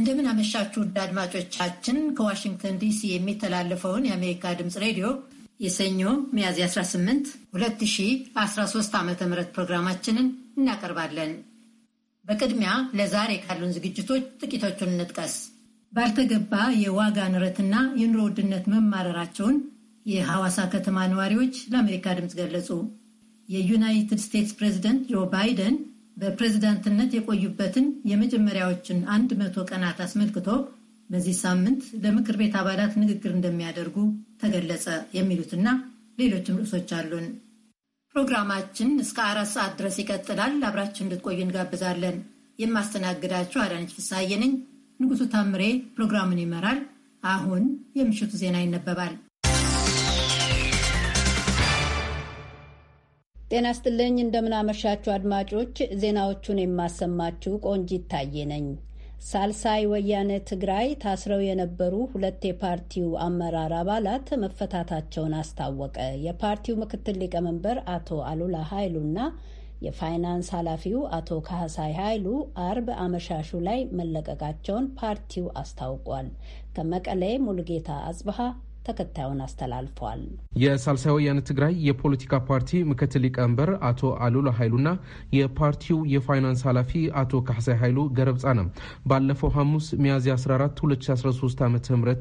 እንደምን አመሻችሁ ውድ አድማጮቻችን። ከዋሽንግተን ዲሲ የሚተላለፈውን የአሜሪካ ድምፅ ሬዲዮ የሰኞ ሚያዝያ 18 2013 ዓ ም ፕሮግራማችንን እናቀርባለን። በቅድሚያ ለዛሬ ካሉን ዝግጅቶች ጥቂቶቹን እንጥቀስ። ባልተገባ የዋጋ ንረትና የኑሮ ውድነት መማረራቸውን የሐዋሳ ከተማ ነዋሪዎች ለአሜሪካ ድምፅ ገለጹ። የዩናይትድ ስቴትስ ፕሬዚደንት ጆ ባይደን በፕሬዝዳንትነት የቆዩበትን የመጀመሪያዎችን አንድ መቶ ቀናት አስመልክቶ በዚህ ሳምንት ለምክር ቤት አባላት ንግግር እንደሚያደርጉ ተገለጸ። የሚሉትና ሌሎችም ርዕሶች አሉን። ፕሮግራማችን እስከ አራት ሰዓት ድረስ ይቀጥላል። አብራችን እንድትቆዩ እንጋብዛለን። የማስተናግዳችሁ አዳነች ፍሳዬ ነኝ። ንጉሱ ታምሬ ፕሮግራሙን ይመራል። አሁን የምሽቱ ዜና ይነበባል። ጤና ይስጥልኝ እንደምናመሻችሁ አድማጮች፣ ዜናዎቹን የማሰማችሁ ቆንጂት ታዬ ነኝ። ሳልሳይ ወያነ ትግራይ ታስረው የነበሩ ሁለት የፓርቲው አመራር አባላት መፈታታቸውን አስታወቀ። የፓርቲው ምክትል ሊቀመንበር አቶ አሉላ ኃይሉና የፋይናንስ ኃላፊው አቶ ካህሳይ ኃይሉ አርብ አመሻሹ ላይ መለቀቃቸውን ፓርቲው አስታውቋል። ከመቀሌ ሙልጌታ አጽብሃ ተከታዩን አስተላልፏል። የሳልሳይ ወያነ ትግራይ የፖለቲካ ፓርቲ ምክትል ሊቀመንበር አቶ አሉላ ኃይሉና የፓርቲው የፋይናንስ ኃላፊ አቶ ካሕሳይ ኃይሉ ነው። ባለፈው ሐሙስ ሚያዝያ 14 2013 ዓ ም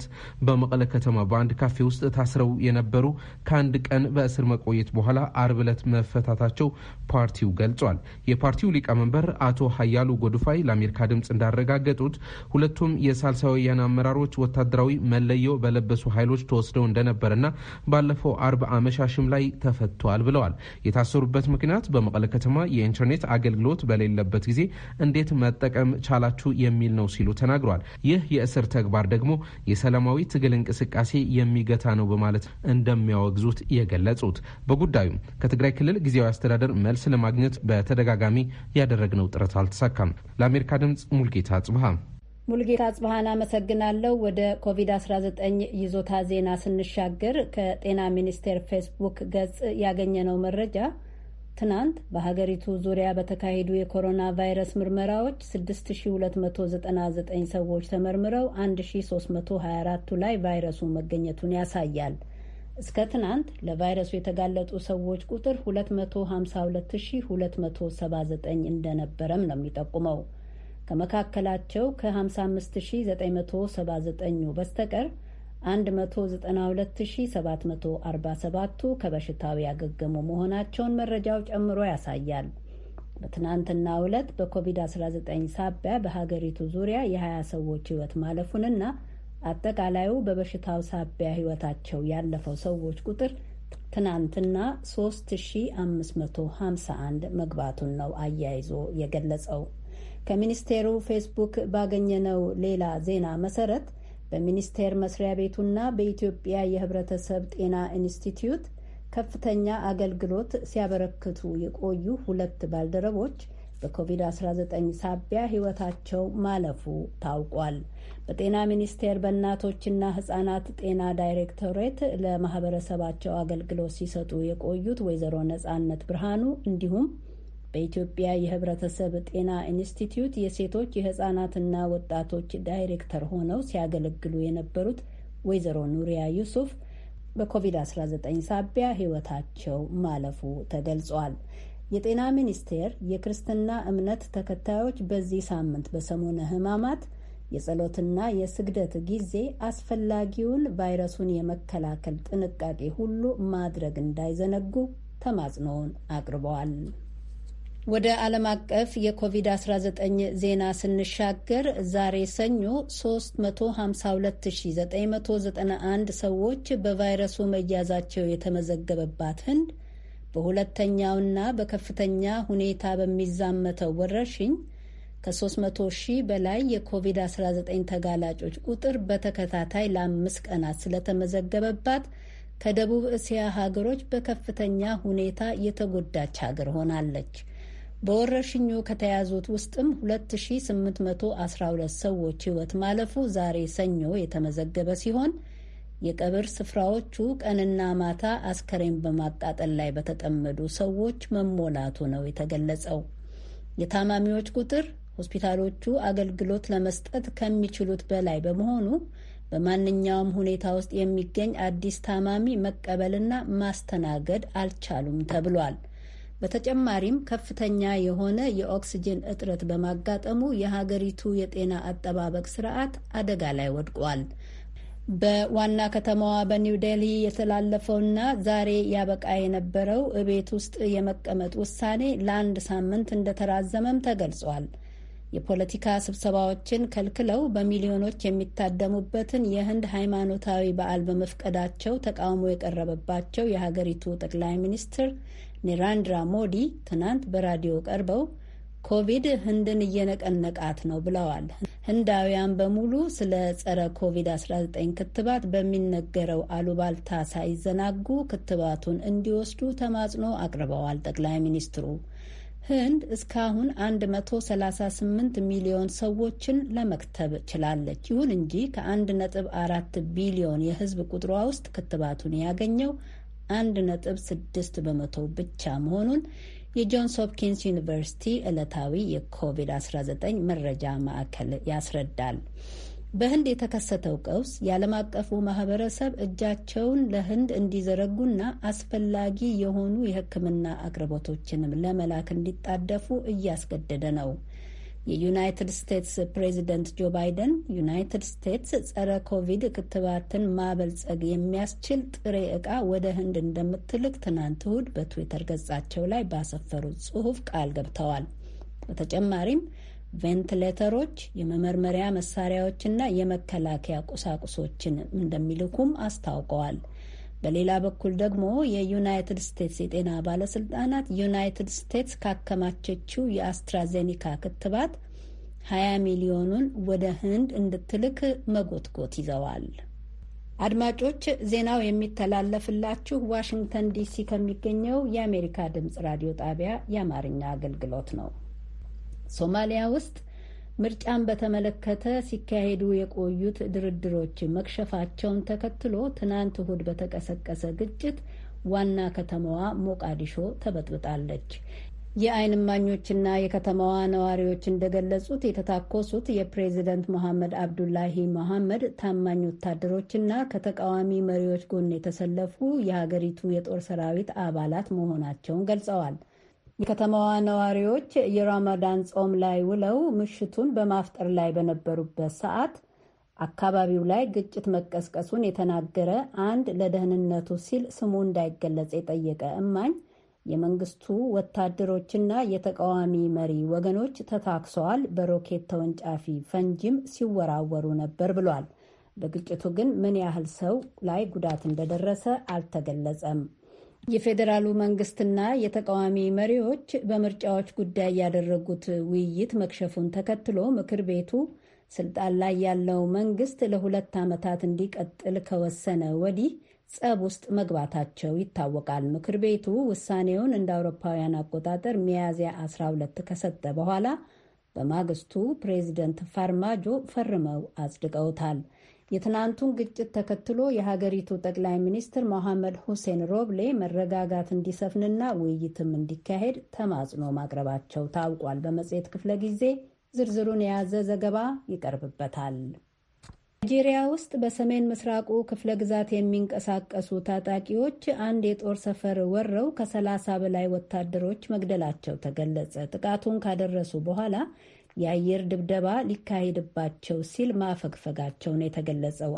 በመቀለ ከተማ በአንድ ካፌ ውስጥ ታስረው የነበሩ ከአንድ ቀን በእስር መቆየት በኋላ አርብ ዕለት መፈታታቸው ፓርቲው ገልጿል። የፓርቲው ሊቀመንበር አቶ ሀያሉ ጎድፋይ ለአሜሪካ ድምፅ እንዳረጋገጡት ሁለቱም የሳልሳይ ወያነ አመራሮች ወታደራዊ መለየው በለበሱ ኃይሎች ተወስደው እንደነበረና ባለፈው አርብ አመሻሽም ላይ ተፈቷል ብለዋል። የታሰሩበት ምክንያት በመቀለ ከተማ የኢንተርኔት አገልግሎት በሌለበት ጊዜ እንዴት መጠቀም ቻላችሁ የሚል ነው ሲሉ ተናግረዋል። ይህ የእስር ተግባር ደግሞ የሰላማዊ ትግል እንቅስቃሴ የሚገታ ነው በማለት እንደሚያወግዙት የገለጹት በጉዳዩ ከትግራይ ክልል ጊዜያዊ አስተዳደር መልስ ለማግኘት በተደጋጋሚ ያደረግነው ጥረት አልተሳካም። ለአሜሪካ ድምፅ ሙልጌታ ጽብሃ ሙልጌታ ጽብሃን አመሰግናለሁ። ወደ ኮቪድ-19 ይዞታ ዜና ስንሻገር ከጤና ሚኒስቴር ፌስቡክ ገጽ ያገኘነው መረጃ ትናንት በሀገሪቱ ዙሪያ በተካሄዱ የኮሮና ቫይረስ ምርመራዎች 6299 ሰዎች ተመርምረው 1324ቱ ላይ ቫይረሱ መገኘቱን ያሳያል። እስከ ትናንት ለቫይረሱ የተጋለጡ ሰዎች ቁጥር 252279 እንደነበረም ነው የሚጠቁመው። ከመካከላቸው ከ 55979 በስተቀር 192747ቱ ከበሽታው ያገገሙ መሆናቸውን መረጃው ጨምሮ ያሳያል። በትናንትናው ዕለት በኮቪድ-19 ሳቢያ በሀገሪቱ ዙሪያ የ20 ሰዎች ሕይወት ማለፉንና አጠቃላዩ በበሽታው ሳቢያ ሕይወታቸው ያለፈው ሰዎች ቁጥር ትናንትና 3551 መግባቱን ነው አያይዞ የገለጸው። ከሚኒስቴሩ ፌስቡክ ባገኘነው ሌላ ዜና መሰረት በሚኒስቴር መስሪያ ቤቱና በኢትዮጵያ የሕብረተሰብ ጤና ኢንስቲትዩት ከፍተኛ አገልግሎት ሲያበረክቱ የቆዩ ሁለት ባልደረቦች በኮቪድ-19 ሳቢያ ሕይወታቸው ማለፉ ታውቋል። በጤና ሚኒስቴር በእናቶችና ሕጻናት ጤና ዳይሬክቶሬት ለማህበረሰባቸው አገልግሎት ሲሰጡ የቆዩት ወይዘሮ ነጻነት ብርሃኑ እንዲሁም በኢትዮጵያ የህብረተሰብ ጤና ኢንስቲትዩት የሴቶች የህፃናትና ወጣቶች ዳይሬክተር ሆነው ሲያገለግሉ የነበሩት ወይዘሮ ኑሪያ ዩሱፍ በኮቪድ-19 ሳቢያ ሕይወታቸው ማለፉ ተገልጿል። የጤና ሚኒስቴር የክርስትና እምነት ተከታዮች በዚህ ሳምንት በሰሙነ ህማማት የጸሎትና የስግደት ጊዜ አስፈላጊውን ቫይረሱን የመከላከል ጥንቃቄ ሁሉ ማድረግ እንዳይዘነጉ ተማጽኖውን አቅርበዋል። ወደ ዓለም አቀፍ የኮቪድ-19 ዜና ስንሻገር ዛሬ ሰኞ 352991 ሰዎች በቫይረሱ መያዛቸው የተመዘገበባት ህንድ በሁለተኛውና በከፍተኛ ሁኔታ በሚዛመተው ወረርሽኝ ከ300 ሺህ በላይ የኮቪድ-19 ተጋላጮች ቁጥር በተከታታይ ለአምስት ቀናት ስለተመዘገበባት ከደቡብ እስያ ሀገሮች በከፍተኛ ሁኔታ የተጎዳች ሀገር ሆናለች። በወረርሽኙ ከተያዙት ውስጥም 2812 ሰዎች ሕይወት ማለፉ ዛሬ ሰኞ የተመዘገበ ሲሆን የቀብር ስፍራዎቹ ቀንና ማታ አስከሬን በማቃጠል ላይ በተጠመዱ ሰዎች መሞላቱ ነው የተገለጸው። የታማሚዎች ቁጥር ሆስፒታሎቹ አገልግሎት ለመስጠት ከሚችሉት በላይ በመሆኑ በማንኛውም ሁኔታ ውስጥ የሚገኝ አዲስ ታማሚ መቀበልና ማስተናገድ አልቻሉም ተብሏል። በተጨማሪም ከፍተኛ የሆነ የኦክስጅን እጥረት በማጋጠሙ የሀገሪቱ የጤና አጠባበቅ ስርዓት አደጋ ላይ ወድቋል። በዋና ከተማዋ በኒው ዴልሂ የተላለፈውና ዛሬ ያበቃ የነበረው እቤት ውስጥ የመቀመጥ ውሳኔ ለአንድ ሳምንት እንደተራዘመም ተገልጿል። የፖለቲካ ስብሰባዎችን ከልክለው በሚሊዮኖች የሚታደሙበትን የህንድ ሃይማኖታዊ በዓል በመፍቀዳቸው ተቃውሞ የቀረበባቸው የሀገሪቱ ጠቅላይ ሚኒስትር ኒራንድራ ሞዲ ትናንት በራዲዮ ቀርበው ኮቪድ ህንድን እየነቀነቃት ነው ብለዋል። ህንዳውያን በሙሉ ስለ ጸረ ኮቪድ-19 ክትባት በሚነገረው አሉባልታ ሳይዘናጉ ክትባቱን እንዲወስዱ ተማጽኖ አቅርበዋል። ጠቅላይ ሚኒስትሩ ህንድ እስካሁን 138 ሚሊዮን ሰዎችን ለመክተብ ችላለች። ይሁን እንጂ ከ1.4 ቢሊዮን የህዝብ ቁጥሯ ውስጥ ክትባቱን ያገኘው አንድ ነጥብ ስድስት በመቶ ብቻ መሆኑን የጆንስ ሆፕኪንስ ዩኒቨርሲቲ ዕለታዊ የኮቪድ-19 መረጃ ማዕከል ያስረዳል። በህንድ የተከሰተው ቀውስ የዓለም አቀፉ ማህበረሰብ እጃቸውን ለህንድ እንዲዘረጉና አስፈላጊ የሆኑ የሕክምና አቅርቦቶችንም ለመላክ እንዲጣደፉ እያስገደደ ነው። የዩናይትድ ስቴትስ ፕሬዚደንት ጆ ባይደን ዩናይትድ ስቴትስ ጸረ ኮቪድ ክትባትን ማበልጸግ የሚያስችል ጥሬ ዕቃ ወደ ህንድ እንደምትልክ ትናንት እሁድ በትዊተር ገጻቸው ላይ ባሰፈሩት ጽሑፍ ቃል ገብተዋል። በተጨማሪም ቬንትሌተሮች፣ የመመርመሪያ መሳሪያዎችና የመከላከያ ቁሳቁሶችን እንደሚልኩም አስታውቀዋል። በሌላ በኩል ደግሞ የዩናይትድ ስቴትስ የጤና ባለስልጣናት ዩናይትድ ስቴትስ ካከማቸችው የአስትራዜኒካ ክትባት 20 ሚሊዮኑን ወደ ህንድ እንድትልክ መጎትጎት ይዘዋል። አድማጮች፣ ዜናው የሚተላለፍላችሁ ዋሽንግተን ዲሲ ከሚገኘው የአሜሪካ ድምፅ ራዲዮ ጣቢያ የአማርኛ አገልግሎት ነው። ሶማሊያ ውስጥ ምርጫን በተመለከተ ሲካሄዱ የቆዩት ድርድሮች መክሸፋቸውን ተከትሎ ትናንት እሁድ በተቀሰቀሰ ግጭት ዋና ከተማዋ ሞቃዲሾ ተበጥብጣለች። የአይን እማኞችና የከተማዋ ነዋሪዎች እንደገለጹት የተታኮሱት የፕሬዚደንት መሐመድ አብዱላሂ መሐመድ ታማኝ ወታደሮችና ከተቃዋሚ መሪዎች ጎን የተሰለፉ የሀገሪቱ የጦር ሰራዊት አባላት መሆናቸውን ገልጸዋል። የከተማዋ ነዋሪዎች የራማዳን ጾም ላይ ውለው ምሽቱን በማፍጠር ላይ በነበሩበት ሰዓት አካባቢው ላይ ግጭት መቀስቀሱን የተናገረ አንድ ለደህንነቱ ሲል ስሙ እንዳይገለጽ የጠየቀ እማኝ የመንግስቱ ወታደሮችና የተቃዋሚ መሪ ወገኖች ተታክሰዋል፣ በሮኬት ተወንጫፊ ፈንጂም ሲወራወሩ ነበር ብሏል። በግጭቱ ግን ምን ያህል ሰው ላይ ጉዳት እንደደረሰ አልተገለጸም። የፌዴራሉ መንግስትና የተቃዋሚ መሪዎች በምርጫዎች ጉዳይ ያደረጉት ውይይት መክሸፉን ተከትሎ ምክር ቤቱ ስልጣን ላይ ያለው መንግስት ለሁለት ዓመታት እንዲቀጥል ከወሰነ ወዲህ ጸብ ውስጥ መግባታቸው ይታወቃል። ምክር ቤቱ ውሳኔውን እንደ አውሮፓውያን አቆጣጠር ሚያዝያ 12 ከሰጠ በኋላ በማግስቱ ፕሬዚደንት ፋርማጆ ፈርመው አጽድቀውታል። የትናንቱን ግጭት ተከትሎ የሀገሪቱ ጠቅላይ ሚኒስትር ሞሐመድ ሁሴን ሮብሌ መረጋጋት እንዲሰፍንና ውይይትም እንዲካሄድ ተማጽኖ ማቅረባቸው ታውቋል። በመጽሔት ክፍለ ጊዜ ዝርዝሩን የያዘ ዘገባ ይቀርብበታል። ናይጄሪያ ውስጥ በሰሜን ምስራቁ ክፍለ ግዛት የሚንቀሳቀሱ ታጣቂዎች አንድ የጦር ሰፈር ወረው ከሰላሳ በላይ ወታደሮች መግደላቸው ተገለጸ። ጥቃቱን ካደረሱ በኋላ የአየር ድብደባ ሊካሄድባቸው ሲል ማፈግፈጋቸው ነው የተገለጸው።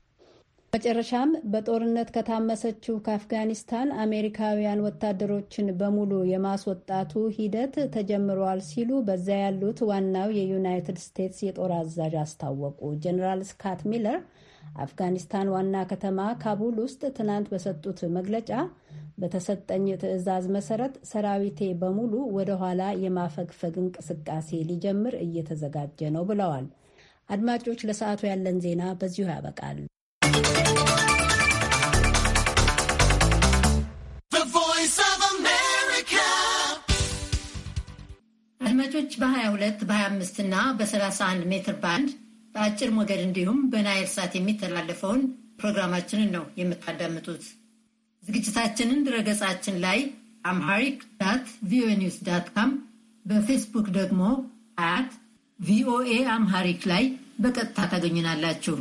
መጨረሻም በጦርነት ከታመሰችው ከአፍጋኒስታን አሜሪካውያን ወታደሮችን በሙሉ የማስወጣቱ ሂደት ተጀምረዋል ሲሉ በዛ ያሉት ዋናው የዩናይትድ ስቴትስ የጦር አዛዥ አስታወቁ። ጀኔራል ስካት ሚለር አፍጋኒስታን ዋና ከተማ ካቡል ውስጥ ትናንት በሰጡት መግለጫ በተሰጠኝ ትዕዛዝ መሰረት ሰራዊቴ በሙሉ ወደ ኋላ የማፈግፈግ እንቅስቃሴ ሊጀምር እየተዘጋጀ ነው ብለዋል። አድማጮች፣ ለሰዓቱ ያለን ዜና በዚሁ ያበቃል። አድማጮች በ22 በ25 እና በ31 ሜትር ባንድ በአጭር ሞገድ እንዲሁም በናይል ሳት የሚተላለፈውን ፕሮግራማችንን ነው የምታዳምጡት። ዝግጅታችንን ድረገጻችን ላይ አምሃሪክ ዳት ቪኦኤ ኒውስ ዳት ካም በፌስቡክ ደግሞ አት ቪኦኤ አምሃሪክ ላይ በቀጥታ ታገኙናላችሁ።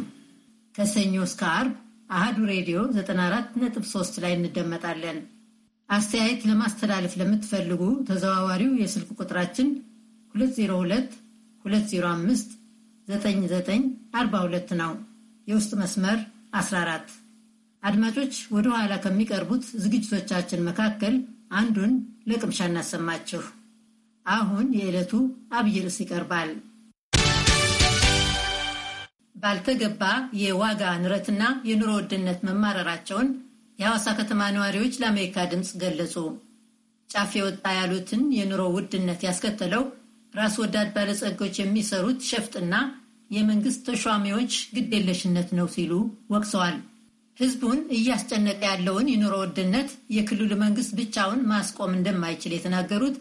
ከሰኞ እስከ አርብ አሃዱ ሬዲዮ 94.3 ላይ እንደመጣለን። አስተያየት ለማስተላለፍ ለምትፈልጉ ተዘዋዋሪው የስልክ ቁጥራችን 2022059942 ነው። የውስጥ መስመር 14 አድማጮች ወደ ኋላ ከሚቀርቡት ዝግጅቶቻችን መካከል አንዱን ለቅምሻ እናሰማችሁ። አሁን የዕለቱ አብይ ርዕስ ይቀርባል። ባልተገባ የዋጋ ንረትና የኑሮ ውድነት መማረራቸውን የሐዋሳ ከተማ ነዋሪዎች ለአሜሪካ ድምፅ ገለጹ። ጫፍ የወጣ ያሉትን የኑሮ ውድነት ያስከተለው ራስ ወዳድ ባለጸጎች የሚሰሩት ሸፍጥና የመንግስት ተሿሚዎች ግዴለሽነት ነው ሲሉ ወቅሰዋል። ህዝቡን እያስጨነቀ ያለውን የኑሮ ውድነት የክልሉ መንግስት ብቻውን ማስቆም እንደማይችል የተናገሩት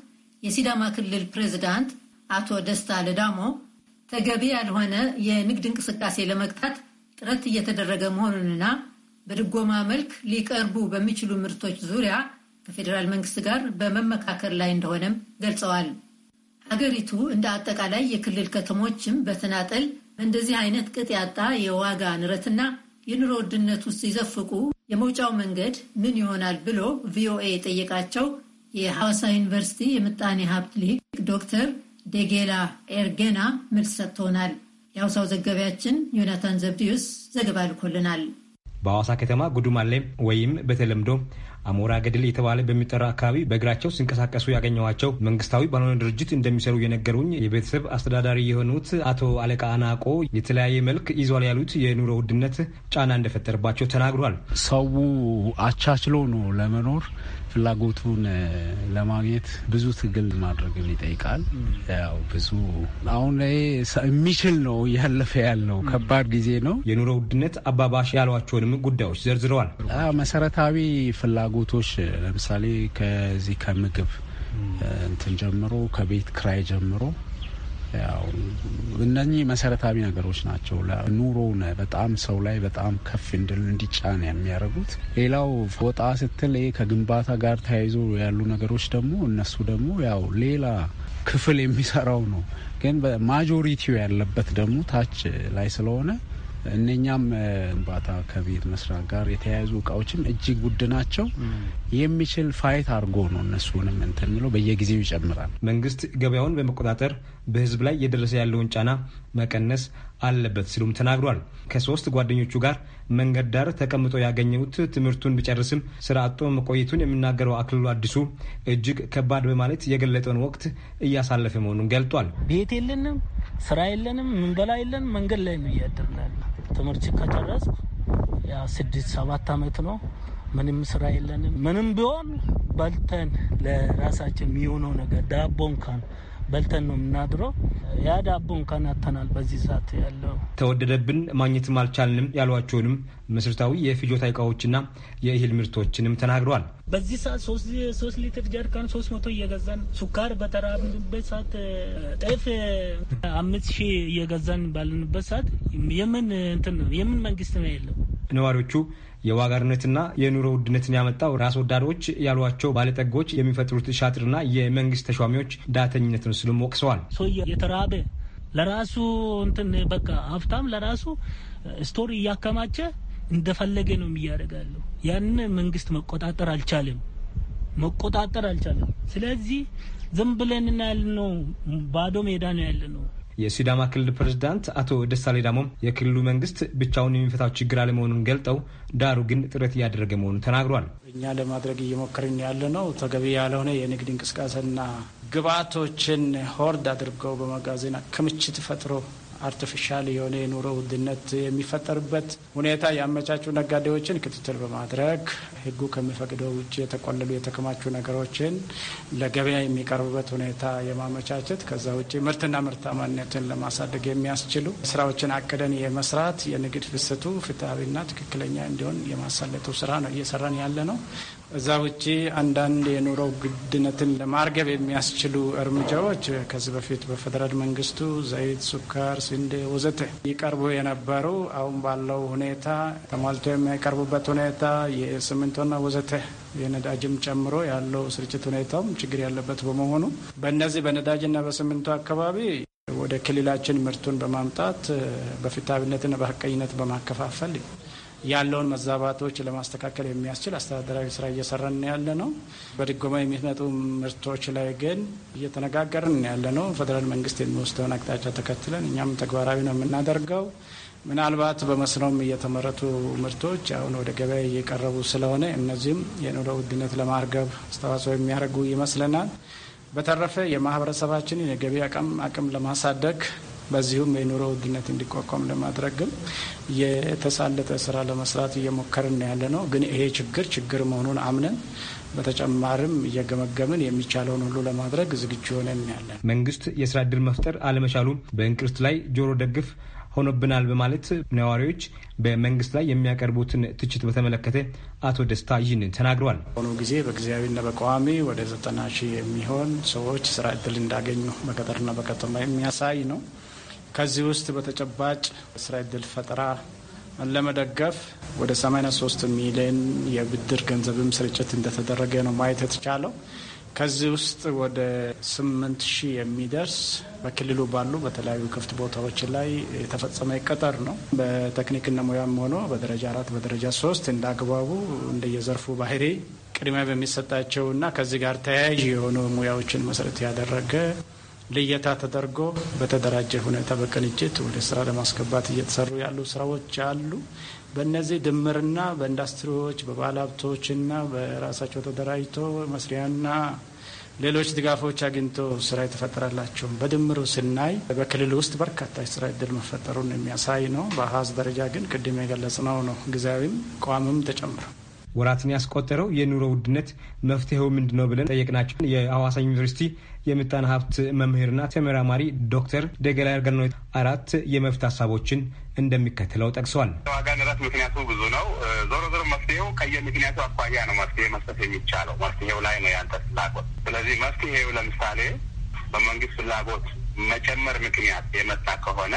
የሲዳማ ክልል ፕሬዚዳንት አቶ ደስታ ለዳሞ ተገቢ ያልሆነ የንግድ እንቅስቃሴ ለመግታት ጥረት እየተደረገ መሆኑንና በድጎማ መልክ ሊቀርቡ በሚችሉ ምርቶች ዙሪያ ከፌዴራል መንግስት ጋር በመመካከር ላይ እንደሆነም ገልጸዋል። ሀገሪቱ እንደ አጠቃላይ የክልል ከተሞችም በተናጠል በእንደዚህ አይነት ቅጥ ያጣ የዋጋ ንረትና የኑሮ ውድነት ውስጥ ሲዘፍቁ የመውጫው መንገድ ምን ይሆናል ብሎ ቪኦኤ የጠየቃቸው የሐዋሳ ዩኒቨርሲቲ የምጣኔ ሀብት ሊቅ ዶክተር ደጌላ ኤርጌና መልስ ሰጥቶናል። የሐዋሳው ዘጋቢያችን ዮናታን ዘብድዩስ ዘገባ ልኮልናል። በሐዋሳ ከተማ ጉዱማሌ ወይም በተለምዶ አሞራ ገድል የተባለ በሚጠራ አካባቢ በእግራቸው ሲንቀሳቀሱ ያገኘዋቸው መንግስታዊ ባልሆነ ድርጅት እንደሚሰሩ የነገሩኝ የቤተሰብ አስተዳዳሪ የሆኑት አቶ አለቃ አናቆ የተለያየ መልክ ይዟል ያሉት የኑሮ ውድነት ጫና እንደፈጠረባቸው ተናግሯል። ሰው አቻችሎ ነው ለመኖር ፍላጎቱን ለማግኘት ብዙ ትግል ማድረግን ይጠይቃል። ያው ብዙ አሁን ላይ የሚችል ነው እያለፈ ያለው ከባድ ጊዜ ነው። የኑሮ ውድነት አባባሽ ያሏቸውንም ጉዳዮች ዘርዝረዋል። መሰረታዊ ፍላጎት አቅርቦቶች ለምሳሌ ከዚህ ከምግብ እንትን ጀምሮ ከቤት ክራይ ጀምሮ ያው እነኚህ መሰረታዊ ነገሮች ናቸው ኑሮውን በጣም ሰው ላይ በጣም ከፍ እንድል እንዲጫን የሚያደርጉት። ሌላው ወጣ ስትል ከግንባታ ጋር ተያይዞ ያሉ ነገሮች ደግሞ እነሱ ደግሞ ያው ሌላ ክፍል የሚሰራው ነው። ግን ማጆሪቲው ያለበት ደግሞ ታች ላይ ስለሆነ እነኛም ግንባታ ከቤት መስራት ጋር የተያያዙ እቃዎችም እጅግ ውድ ናቸው። የሚችል ፋይት አድርጎ ነው እነሱንም እንትን ብሎ በየጊዜው ይጨምራል። መንግስት ገበያውን በመቆጣጠር በህዝብ ላይ እየደረሰ ያለውን ጫና መቀነስ አለበት ሲሉም ተናግሯል። ከሶስት ጓደኞቹ ጋር መንገድ ዳር ተቀምጦ ያገኘሁት ትምህርቱን ቢጨርስም ስራ አጥቶ መቆየቱን የሚናገረው አክልሉ አዲሱ እጅግ ከባድ በማለት የገለጠውን ወቅት እያሳለፈ መሆኑን ገልጧል። ቤት የለንም ስራ የለንም፣ ምንበላ የለንም። መንገድ ላይ ነው እያደርናል። ትምህርት ከጨረስኩ ያ ስድስት ሰባት አመት ነው። ምንም ስራ የለንም። ምንም ቢሆን በልተን ለራሳችን የሚሆነው ነገር ዳቦ እንኳን በልተን ነው የምናድረው። ያ ዳቦ እንኳን ያተናል። በዚህ ሰዓት ያለው ተወደደብን ማግኘትም አልቻልንም ያሏቸውንም መሰረታዊ የፍጆታ እቃዎችና የእህል ምርቶችንም ተናግረዋል። በዚህ ሰዓት ሶስት ሊትር ጀርካን ሶስት መቶ እየገዛን ሱካር በተራብንበት ሰዓት ጤፍ አምስት ሺህ እየገዛን ባለንበት ሰዓት የምን እንትን ነው የምን መንግስት ነው የለው ነዋሪዎቹ የዋጋ የኑሮ ውድነትን ያመጣው ራስ ወዳዶች ያሏቸው ባለጠጎች የሚፈጥሩት ሻጥርና የመንግስት ተሿሚዎች ዳተኝነት ነው ሲሉም ወቅሰዋል። ሰውዬ የተራበ ለራሱ እንትን በቃ ሀብታም ለራሱ ስቶሪ እያከማቸ እንደፈለገ ነው የሚያደርጋለሁ። ያን መንግስት መቆጣጠር አልቻለም፣ መቆጣጠር አልቻለም። ስለዚህ ዝም ብለን ያለ ነው፣ ባዶ ሜዳ ነው ያለ ነው። የሲዳማ ክልል ፕሬዝዳንት አቶ ደሳሌ ዳሞም የክልሉ መንግስት ብቻውን የሚፈታው ችግር አለመሆኑን ገልጠው ዳሩ ግን ጥረት እያደረገ መሆኑ ተናግሯል። እኛ ለማድረግ እየሞከርን ያለ ነው ተገቢ ያልሆነ የንግድ እንቅስቃሴና ግብዓቶችን ሆርድ አድርገው በመጋዘን ክምችት ፈጥሮ አርቲፊሻል የሆነ የኑሮ ውድነት የሚፈጠርበት ሁኔታ ያመቻቹ ነጋዴዎችን ክትትል በማድረግ ሕጉ ከሚፈቅደው ውጭ የተቆለሉ የተከማቹ ነገሮችን ለገበያ የሚቀርቡበት ሁኔታ የማመቻቸት ከዛ ውጭ ምርትና ምርታማነትን ለማሳደግ የሚያስችሉ ስራዎችን አቅደን የመስራት የንግድ ፍሰቱ ፍትሐዊና ትክክለኛ እንዲሆን የማሳለጠው ስራ ነው እየሰራን ያለ ነው። እዛ ውጪ አንዳንድ የኑሮ ግድነትን ለማርገብ የሚያስችሉ እርምጃዎች ከዚህ በፊት በፌዴራል መንግስቱ ዘይት፣ ሱካር፣ ስንዴ ወዘተ ይቀርቡ የነበሩ አሁን ባለው ሁኔታ ተሟልቶ የሚያቀርቡበት ሁኔታ የሲሚንቶና ወዘተ የነዳጅም ጨምሮ ያለው ስርጭት ሁኔታውም ችግር ያለበት በመሆኑ በእነዚህ በነዳጅና በስሚንቶ አካባቢ ወደ ክልላችን ምርቱን በማምጣት በፍትሐዊነትና በሀቀኝነት በማከፋፈል ያለውን መዛባቶች ለማስተካከል የሚያስችል አስተዳደራዊ ስራ እየሰራን ያለ ነው። በድጎማ የሚመጡ ምርቶች ላይ ግን እየተነጋገርን ያለ ነው። ፌዴራል መንግስት የሚወስደውን አቅጣጫ ተከትለን እኛም ተግባራዊ ነው የምናደርገው። ምናልባት በመስኖም እየተመረቱ ምርቶች አሁን ወደ ገበያ እየቀረቡ ስለሆነ እነዚህም የኑሮ ውድነት ለማርገብ አስተዋጽኦ የሚያደርጉ ይመስለናል። በተረፈ የማህበረሰባችንን የገበያ አቅም አቅም ለማሳደግ በዚሁም የኑሮ ውድነት እንዲቋቋም ለማድረግም የተሳለጠ ስራ ለመስራት እየሞከርን ያለ ነው። ግን ይሄ ችግር ችግር መሆኑን አምነን በተጨማሪም እየገመገምን የሚቻለውን ሁሉ ለማድረግ ዝግጁ ሆነን ያለን። መንግስት የስራ እድል መፍጠር አለመቻሉ በእንቅርት ላይ ጆሮ ደግፍ ሆኖብናል በማለት ነዋሪዎች በመንግስት ላይ የሚያቀርቡትን ትችት በተመለከተ አቶ ደስታ ይህንን ተናግረዋል። በአሁኑ ጊዜ በጊዜያዊና በቋሚ ወደ ዘጠና ሺህ የሚሆን ሰዎች ስራ እድል እንዳገኙ በገጠርና በከተማ የሚያሳይ ነው። ከዚህ ውስጥ በተጨባጭ ስራ እድል ፈጠራ ለመደገፍ ወደ 83 ሚሊዮን የብድር ገንዘብም ስርጭት እንደተደረገ ነው ማየት የተቻለው። ከዚህ ውስጥ ወደ 8 ሺህ የሚደርስ በክልሉ ባሉ በተለያዩ ክፍት ቦታዎች ላይ የተፈጸመ ቅጥር ነው። በቴክኒክና ሙያም ሆኖ በደረጃ አራት በደረጃ ሶስት አግባቡ እንደየዘርፉ ባህሪ ቅድሚያ በሚሰጣቸውና ከዚህ ጋር ተያያዥ የሆኑ ሙያዎችን መሰረት ያደረገ ልየታ ተደርጎ በተደራጀ ሁኔታ በቅንጅት ወደ ስራ ለማስገባት እየተሰሩ ያሉ ስራዎች አሉ። በእነዚህ ድምርና በኢንዱስትሪዎች በባለሀብቶችና በራሳቸው ተደራጅቶ መስሪያና ሌሎች ድጋፎች አግኝቶ ስራ የተፈጠረላቸውም በድምሩ ስናይ በክልል ውስጥ በርካታ የስራ እድል መፈጠሩን የሚያሳይ ነው። በአሃዝ ደረጃ ግን ቅድም የገለጽ ነው። ነው ጊዜያዊም ቋምም ተጨምሮ ወራትን ያስቆጠረው የኑሮ ውድነት መፍትሄው ምንድን ነው ብለን ጠየቅናቸው። የአዋሳ ዩኒቨርሲቲ የምጣን ሀብት መምህርና ተመራማሪ ዶክተር ደገላ ገርኖ አራት የመፍት ሀሳቦችን እንደሚከተለው ጠቅሰዋል። ዋጋ ንረት ምክንያቱ ብዙ ነው። ዞሮ ዞሮ መፍትሄው ከየ ምክንያቱ አኳያ ነው መፍትሄ መስጠት የሚቻለው መፍትሄው ላይ ነው ያንተ ፍላጎት። ስለዚህ መፍትሄው ለምሳሌ በመንግስት ፍላጎት መጨመር ምክንያት የመጣ ከሆነ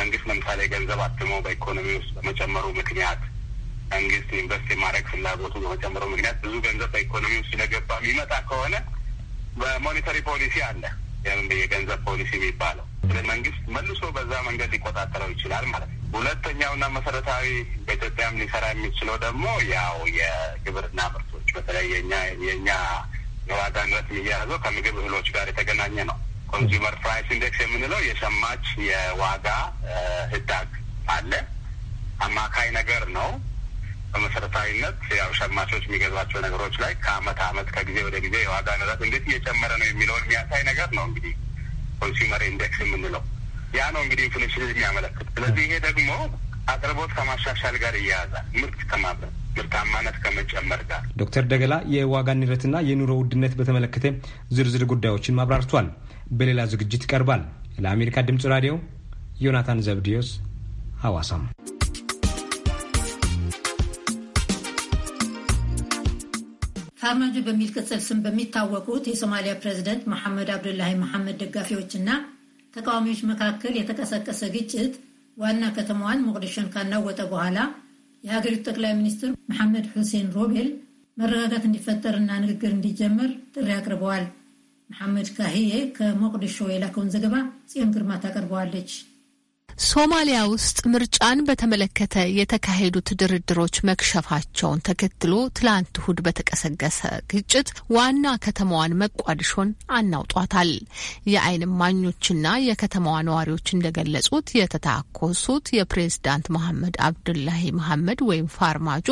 መንግስት ለምሳሌ ገንዘብ አትሞ በኢኮኖሚ ውስጥ በመጨመሩ ምክንያት መንግስት ኢንቨስት የማድረግ ፍላጎቱ በመጨመሩ ምክንያት ብዙ ገንዘብ በኢኮኖሚ ውስጥ ስለገባ የሚመጣ ከሆነ በሞኔተሪ ፖሊሲ አለ የገንዘብ ፖሊሲ የሚባለው መንግስት መልሶ በዛ መንገድ ሊቆጣጠረው ይችላል ማለት ነው። ሁለተኛውና መሰረታዊ በኢትዮጵያም ሊሰራ የሚችለው ደግሞ ያው የግብርና ምርቶች በተለይ የኛ የእኛ የዋጋ ንረት የሚያያዘው ከምግብ እህሎች ጋር የተገናኘ ነው። ኮንሱመር ፕራይስ ኢንዴክስ የምንለው የሸማች የዋጋ ህዳግ አለ አማካይ ነገር ነው። በመሰረታዊነት ያው ሸማቾች የሚገዟቸው ነገሮች ላይ ከአመት አመት ከጊዜ ወደ ጊዜ የዋጋ ንረት እንዴት እየጨመረ ነው የሚለውን የሚያሳይ ነገር ነው እንግዲህ ኮንሱመር ኢንዴክስ የምንለው ያ ነው እንግዲህ ኢንፍሌሽን የሚያመለክት። ስለዚህ ይሄ ደግሞ አቅርቦት ከማሻሻል ጋር እያያዛል ምርት ከማብረት ምርታማነት ከመጨመር ጋር። ዶክተር ደገላ የዋጋ ንረትና የኑሮ ውድነት በተመለከተ ዝርዝር ጉዳዮችን ማብራርቷል። በሌላ ዝግጅት ይቀርባል። ለአሜሪካ ድምጽ ራዲዮ ዮናታን ዘብዲዮስ ሐዋሳም ካርማጆ በሚል ቅጽል ስም በሚታወቁት የሶማሊያ ፕሬዚደንት መሐመድ አብዱላሂ መሐመድ ደጋፊዎችና ተቃዋሚዎች መካከል የተቀሰቀሰ ግጭት ዋና ከተማዋን ሞቅዲሾን ካናወጠ በኋላ የሀገሪቱ ጠቅላይ ሚኒስትር መሐመድ ሁሴን ሮቤል መረጋጋት እንዲፈጠርና ንግግር እንዲጀምር ጥሪ አቅርበዋል። መሐመድ ካህዬ ከሞቅዲሾ የላከውን ዘገባ ጽዮን ግርማ ታቀርበዋለች። ሶማሊያ ውስጥ ምርጫን በተመለከተ የተካሄዱት ድርድሮች መክሸፋቸውን ተከትሎ ትላንት እሁድ በተቀሰቀሰ ግጭት ዋና ከተማዋን መቋዲሾን አናውጧታል። የዓይን እማኞችና የከተማዋ ነዋሪዎች እንደገለጹት የተታኮሱት የፕሬዝዳንት መሐመድ አብዱላሂ መሐመድ ወይም ፋርማጆ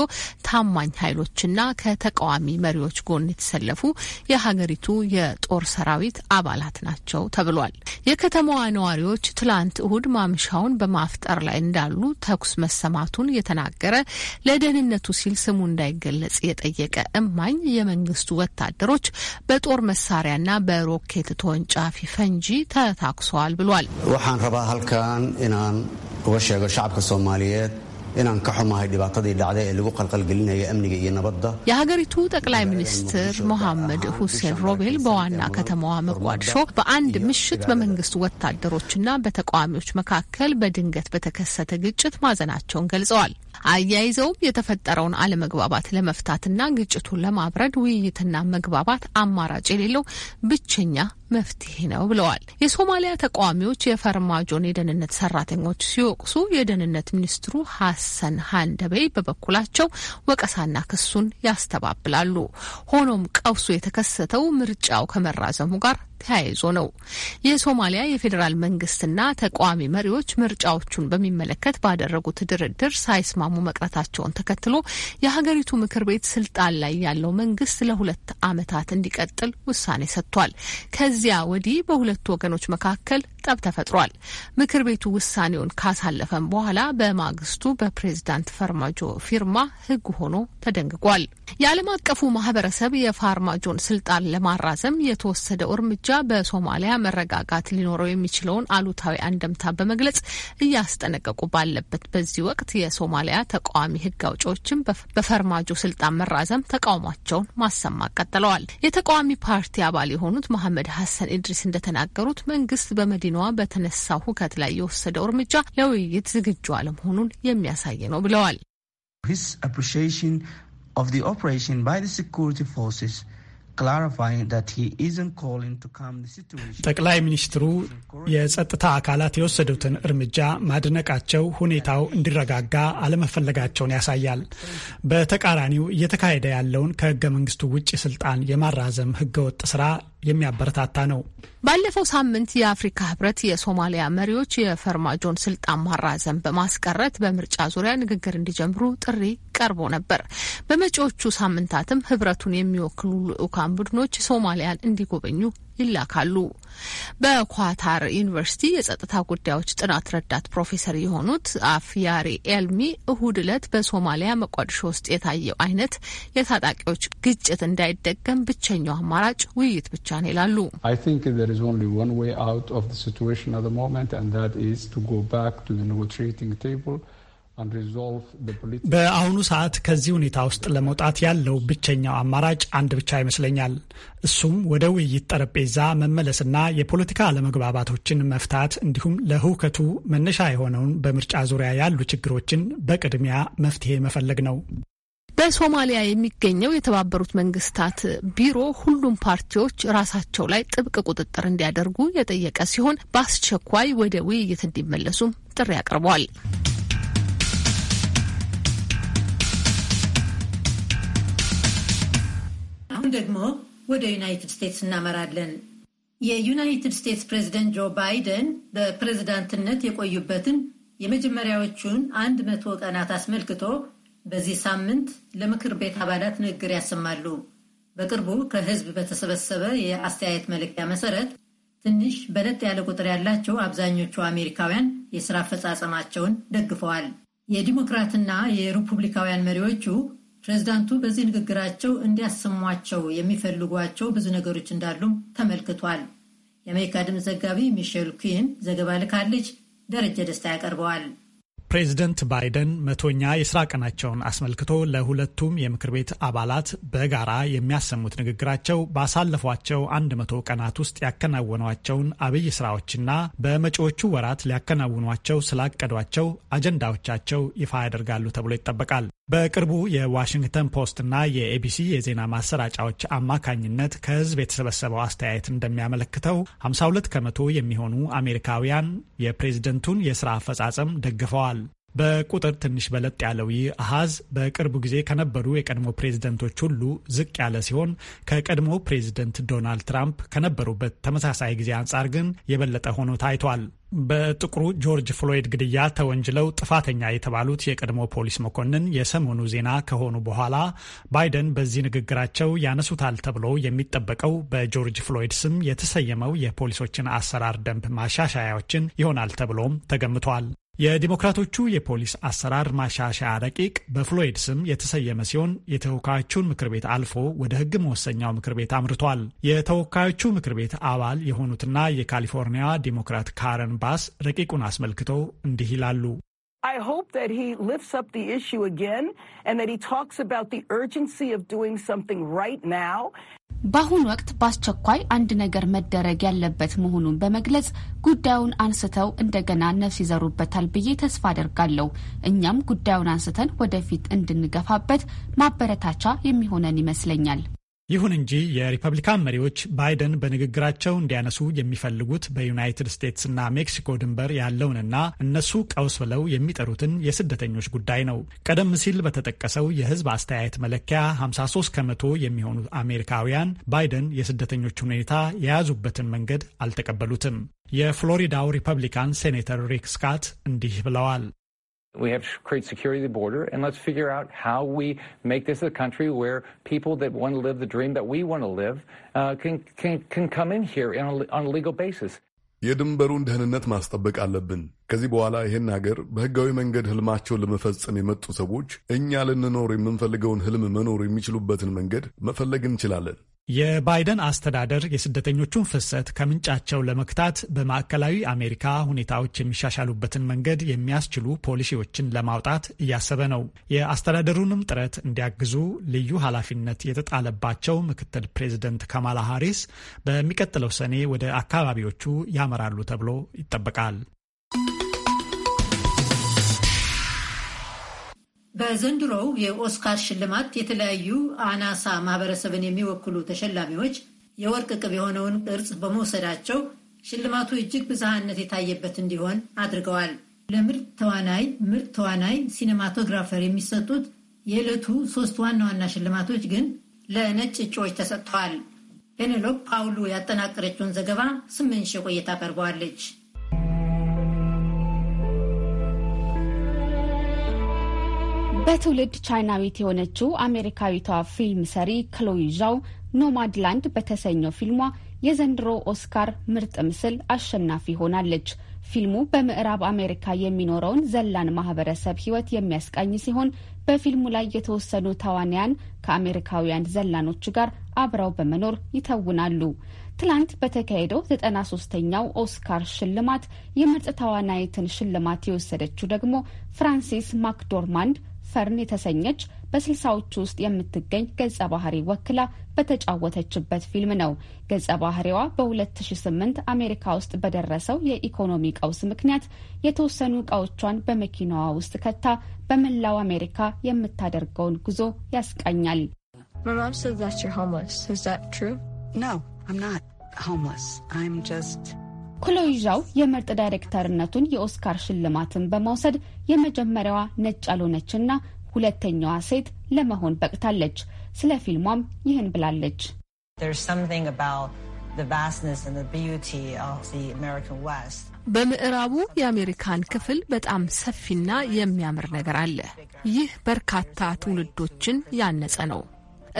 ታማኝ ኃይሎችና ከተቃዋሚ መሪዎች ጎን የተሰለፉ የሀገሪቱ የጦር ሰራዊት አባላት ናቸው ተብሏል። የከተማዋ ነዋሪዎች ትላንት እሁድ ማምሻ ሁኔታውን በማፍጠር ላይ እንዳሉ ተኩስ መሰማቱን የተናገረ ለደህንነቱ ሲል ስሙ እንዳይገለጽ የጠየቀ እማኝ የመንግስቱ ወታደሮች በጦር መሳሪያና በሮኬት ተወንጫፊ ፈንጂ ተታኩሰዋል ብሏል። ወሓን ረባ ሀልካን ኢናን ወሸገ ሻዕብከ ሶማሊየት inaan ka xumahay dhibaatadii dhacday ee lagu qalqalgelinaya amniga iyo nabadda የሀገሪቱ ጠቅላይ ሚኒስትር ሞሐመድ ሁሴን ሮቤል በዋና ከተማዋ መጓድሾ በአንድ ምሽት በመንግስት ወታደሮችና በተቃዋሚዎች መካከል በድንገት በተከሰተ ግጭት ማዘናቸውን ገልጸዋል። አያይዘውም የተፈጠረውን አለመግባባት ለመፍታትና ግጭቱን ለማብረድ ውይይትና መግባባት አማራጭ የሌለው ብቸኛ መፍትሄ ነው ብለዋል። የሶማሊያ ተቃዋሚዎች የፈርማጆን የደህንነት ሰራተኞች ሲወቅሱ የደህንነት ሚኒስትሩ ሀሰን ሀንደበይ በበኩላቸው ወቀሳና ክሱን ያስተባብላሉ። ሆኖም ቀውሱ የተከሰተው ምርጫው ከመራዘሙ ጋር ተያይዞ ነው። የሶማሊያ የፌዴራል መንግስትና ተቃዋሚ መሪዎች ምርጫዎቹን በሚመለከት ባደረጉት ድርድር ሳይስማሙ መቅረታቸውን ተከትሎ የሀገሪቱ ምክር ቤት ስልጣን ላይ ያለው መንግስት ለሁለት ዓመታት እንዲቀጥል ውሳኔ ሰጥቷል። ከዚያ ወዲህ በሁለቱ ወገኖች መካከል ጠብ ተፈጥሯል። ምክር ቤቱ ውሳኔውን ካሳለፈም በኋላ በማግስቱ በፕሬዝዳንት ፈርማጆ ፊርማ ህግ ሆኖ ተደንግጓል። የዓለም አቀፉ ማህበረሰብ የፋርማጆን ስልጣን ለማራዘም የተወሰደው እርምጃ በሶማሊያ መረጋጋት ሊኖረው የሚችለውን አሉታዊ አንደምታ በመግለጽ እያስጠነቀቁ ባለበት በዚህ ወቅት የሶማሊያ ተቃዋሚ ህግ አውጪዎችም በፈርማጆ ስልጣን መራዘም ተቃውሟቸውን ማሰማት ቀጥለዋል። የተቃዋሚ ፓርቲ አባል የሆኑት መሐመድ ሀሰን ኢድሪስ እንደተናገሩት መንግስት በመዲና በመዲናዋ በተነሳው ሁከት ላይ የወሰደው እርምጃ ለውይይት ዝግጁ አለመሆኑን የሚያሳይ ነው ብለዋል። ጠቅላይ ሚኒስትሩ የጸጥታ አካላት የወሰዱትን እርምጃ ማድነቃቸው ሁኔታው እንዲረጋጋ አለመፈለጋቸውን ያሳያል። በተቃራኒው እየተካሄደ ያለውን ከህገ መንግስቱ ውጭ ስልጣን የማራዘም ህገወጥ ስራ የሚያበረታታ ነው። ባለፈው ሳምንት የአፍሪካ ህብረት የሶማሊያ መሪዎች የፈርማጆን ስልጣን ማራዘም በማስቀረት በምርጫ ዙሪያ ንግግር እንዲጀምሩ ጥሪ ቀርቦ ነበር። በመጪዎቹ ሳምንታትም ህብረቱን የሚወክሉ ልዑካን ቡድኖች ሶማሊያን እንዲጎበኙ ይላካሉ። በኳታር ዩኒቨርሲቲ የጸጥታ ጉዳዮች ጥናት ረዳት ፕሮፌሰር የሆኑት አፍያሪ ኤልሚ እሁድ እለት በሶማሊያ መቋድሾ ውስጥ የታየው አይነት የታጣቂዎች ግጭት እንዳይደገም ብቸኛው አማራጭ ውይይት ብቻ ነው ይላሉ። በአሁኑ ሰዓት ከዚህ ሁኔታ ውስጥ ለመውጣት ያለው ብቸኛው አማራጭ አንድ ብቻ ይመስለኛል። እሱም ወደ ውይይት ጠረጴዛ መመለስና የፖለቲካ አለመግባባቶችን መፍታት እንዲሁም ለህውከቱ መነሻ የሆነውን በምርጫ ዙሪያ ያሉ ችግሮችን በቅድሚያ መፍትሄ መፈለግ ነው። በሶማሊያ የሚገኘው የተባበሩት መንግስታት ቢሮ ሁሉም ፓርቲዎች ራሳቸው ላይ ጥብቅ ቁጥጥር እንዲያደርጉ የጠየቀ ሲሆን በአስቸኳይ ወደ ውይይት እንዲመለሱም ጥሪ አቅርበዋል። ደግሞ ወደ ዩናይትድ ስቴትስ እናመራለን። የዩናይትድ ስቴትስ ፕሬዚደንት ጆ ባይደን በፕሬዝዳንትነት የቆዩበትን የመጀመሪያዎቹን አንድ መቶ ቀናት አስመልክቶ በዚህ ሳምንት ለምክር ቤት አባላት ንግግር ያሰማሉ። በቅርቡ ከህዝብ በተሰበሰበ የአስተያየት መለኪያ መሰረት ትንሽ በለጥ ያለ ቁጥር ያላቸው አብዛኞቹ አሜሪካውያን የስራ አፈጻጸማቸውን ደግፈዋል። የዲሞክራትና የሪፑብሊካውያን መሪዎቹ ፕሬዚዳንቱ በዚህ ንግግራቸው እንዲያሰሟቸው የሚፈልጓቸው ብዙ ነገሮች እንዳሉም ተመልክቷል። የአሜሪካ ድምፅ ዘጋቢ ሚሼል ኩዊን ዘገባ ልካለች። ደረጀ ደስታ ያቀርበዋል። ፕሬዚደንት ባይደን መቶኛ የስራ ቀናቸውን አስመልክቶ ለሁለቱም የምክር ቤት አባላት በጋራ የሚያሰሙት ንግግራቸው ባሳለፏቸው አንድ መቶ ቀናት ውስጥ ያከናወኗቸውን አብይ ስራዎችና በመጪዎቹ ወራት ሊያከናውኗቸው ስላቀዷቸው አጀንዳዎቻቸው ይፋ ያደርጋሉ ተብሎ ይጠበቃል። በቅርቡ የዋሽንግተን እና የኤቢሲ የዜና ማሰራጫዎች አማካኝነት ከህዝብ የተሰበሰበው አስተያየት እንደሚያመለክተው 52 ከመቶ የሚሆኑ አሜሪካውያን የፕሬዝደንቱን የስራ አፈጻጸም ደግፈዋል። በቁጥር ትንሽ በለጥ ያለው ይህ አሃዝ በቅርቡ ጊዜ ከነበሩ የቀድሞ ፕሬዝደንቶች ሁሉ ዝቅ ያለ ሲሆን ከቀድሞ ፕሬዝደንት ዶናልድ ትራምፕ ከነበሩበት ተመሳሳይ ጊዜ አንጻር ግን የበለጠ ሆኖ ታይቷል። በጥቁሩ ጆርጅ ፍሎይድ ግድያ ተወንጅለው ጥፋተኛ የተባሉት የቀድሞ ፖሊስ መኮንን የሰሞኑ ዜና ከሆኑ በኋላ ባይደን በዚህ ንግግራቸው ያነሱታል ተብሎ የሚጠበቀው በጆርጅ ፍሎይድ ስም የተሰየመው የፖሊሶችን አሰራር ደንብ ማሻሻያዎችን ይሆናል ተብሎም ተገምቷል። የዲሞክራቶቹ የፖሊስ አሰራር ማሻሻያ ረቂቅ በፍሎይድ ስም የተሰየመ ሲሆን የተወካዮቹን ምክር ቤት አልፎ ወደ ሕግ መወሰኛው ምክር ቤት አምርቷል። የተወካዮቹ ምክር ቤት አባል የሆኑትና የካሊፎርኒያ ዲሞክራት ካረን ባስ ረቂቁን አስመልክተው እንዲህ ይላሉ። I hope that he lifts up the issue again and that he talks about the urgency of doing something right now. በአሁኑ ወቅት በአስቸኳይ አንድ ነገር መደረግ ያለበት መሆኑን በመግለጽ ጉዳዩን አንስተው እንደገና ነፍስ ይዘሩበታል ብዬ ተስፋ አደርጋለሁ። እኛም ጉዳዩን አንስተን ወደፊት እንድንገፋበት ማበረታቻ የሚሆነን ይመስለኛል። ይሁን እንጂ የሪፐብሊካን መሪዎች ባይደን በንግግራቸው እንዲያነሱ የሚፈልጉት በዩናይትድ ስቴትስና ሜክሲኮ ድንበር ያለውንና እነሱ ቀውስ ብለው የሚጠሩትን የስደተኞች ጉዳይ ነው። ቀደም ሲል በተጠቀሰው የሕዝብ አስተያየት መለኪያ 53 ከመቶ የሚሆኑ አሜሪካውያን ባይደን የስደተኞች ሁኔታ የያዙበትን መንገድ አልተቀበሉትም። የፍሎሪዳው ሪፐብሊካን ሴኔተር ሪክ ስካት እንዲህ ብለዋል። We have to create security at the border, and let's figure out how we make this a country where people that want to live the dream that we want to live uh, can, can, can come in here in a, on a legal basis. የድንበሩን ደህንነት ማስጠበቅ አለብን። ከዚህ በኋላ ይህን ሀገር በህጋዊ መንገድ ህልማቸውን ለመፈጸም የመጡ ሰዎች እኛ ልንኖር የምንፈልገውን ህልም መኖር የሚችሉበትን መንገድ መፈለግ እንችላለን። የባይደን አስተዳደር የስደተኞቹን ፍሰት ከምንጫቸው ለመክታት በማዕከላዊ አሜሪካ ሁኔታዎች የሚሻሻሉበትን መንገድ የሚያስችሉ ፖሊሲዎችን ለማውጣት እያሰበ ነው። የአስተዳደሩንም ጥረት እንዲያግዙ ልዩ ኃላፊነት የተጣለባቸው ምክትል ፕሬዚደንት ካማላ ሃሪስ በሚቀጥለው ሰኔ ወደ አካባቢዎቹ ያመራሉ ተብሎ ይጠበቃል። በዘንድሮው የኦስካር ሽልማት የተለያዩ አናሳ ማህበረሰብን የሚወክሉ ተሸላሚዎች የወርቅ ቅብ የሆነውን ቅርጽ በመውሰዳቸው ሽልማቱ እጅግ ብዝሃነት የታየበት እንዲሆን አድርገዋል። ለምርጥ ተዋናይ፣ ምርጥ ተዋናይ፣ ሲኔማቶግራፈር የሚሰጡት የዕለቱ ሶስት ዋና ዋና ሽልማቶች ግን ለነጭ እጩዎች ተሰጥተዋል። ፔኔሎፕ ፓውሉ ያጠናቀረችውን ዘገባ ስምንሽ ቆይታ ቀርበዋለች። በትውልድ ቻይናዊት የሆነችው አሜሪካዊቷ ፊልም ሰሪ ክሎይ ዣው ኖማድ ላንድ በተሰኘው ፊልሟ የዘንድሮ ኦስካር ምርጥ ምስል አሸናፊ ሆናለች። ፊልሙ በምዕራብ አሜሪካ የሚኖረውን ዘላን ማህበረሰብ ሕይወት የሚያስቃኝ ሲሆን በፊልሙ ላይ የተወሰኑ ተዋንያን ከአሜሪካውያን ዘላኖች ጋር አብረው በመኖር ይተውናሉ። ትላንት በተካሄደው ዘጠና ሶስተኛው ኦስካር ሽልማት የምርጥ ተዋናይትን ሽልማት የወሰደችው ደግሞ ፍራንሲስ ማክዶርማንድ ፈርን የተሰኘች በስልሳዎቹ ውስጥ የምትገኝ ገጸ ባህሪ ወክላ በተጫወተችበት ፊልም ነው። ገጸ ባህሪዋ በ2008 አሜሪካ ውስጥ በደረሰው የኢኮኖሚ ቀውስ ምክንያት የተወሰኑ እቃዎቿን በመኪናዋ ውስጥ ከታ በመላው አሜሪካ የምታደርገውን ጉዞ ያስቃኛል። No, I'm not ሆምስ ም just ክሎይ ዣው የምርጥ ዳይሬክተርነቱን የኦስካር ሽልማትን በመውሰድ የመጀመሪያዋ ነጭ ያልሆነችና ሁለተኛዋ ሴት ለመሆን በቅታለች። ስለ ፊልሟም ይህን ብላለች። በምዕራቡ የአሜሪካን ክፍል በጣም ሰፊና የሚያምር ነገር አለ። ይህ በርካታ ትውልዶችን ያነጸ ነው።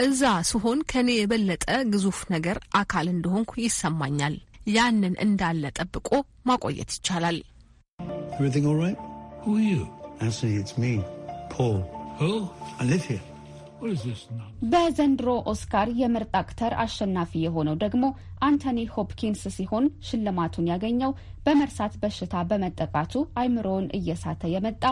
እዛ ስሆን ከኔ የበለጠ ግዙፍ ነገር አካል እንደሆንኩ ይሰማኛል። ያንን እንዳለ ጠብቆ ማቆየት ይቻላል። Everything all right? Who are you? Actually, it's me, Paul. Who? I live here. በዘንድሮ ኦስካር የምርጥ አክተር አሸናፊ የሆነው ደግሞ አንቶኒ ሆፕኪንስ ሲሆን ሽልማቱን ያገኘው በመርሳት በሽታ በመጠቃቱ አይምሮውን እየሳተ የመጣ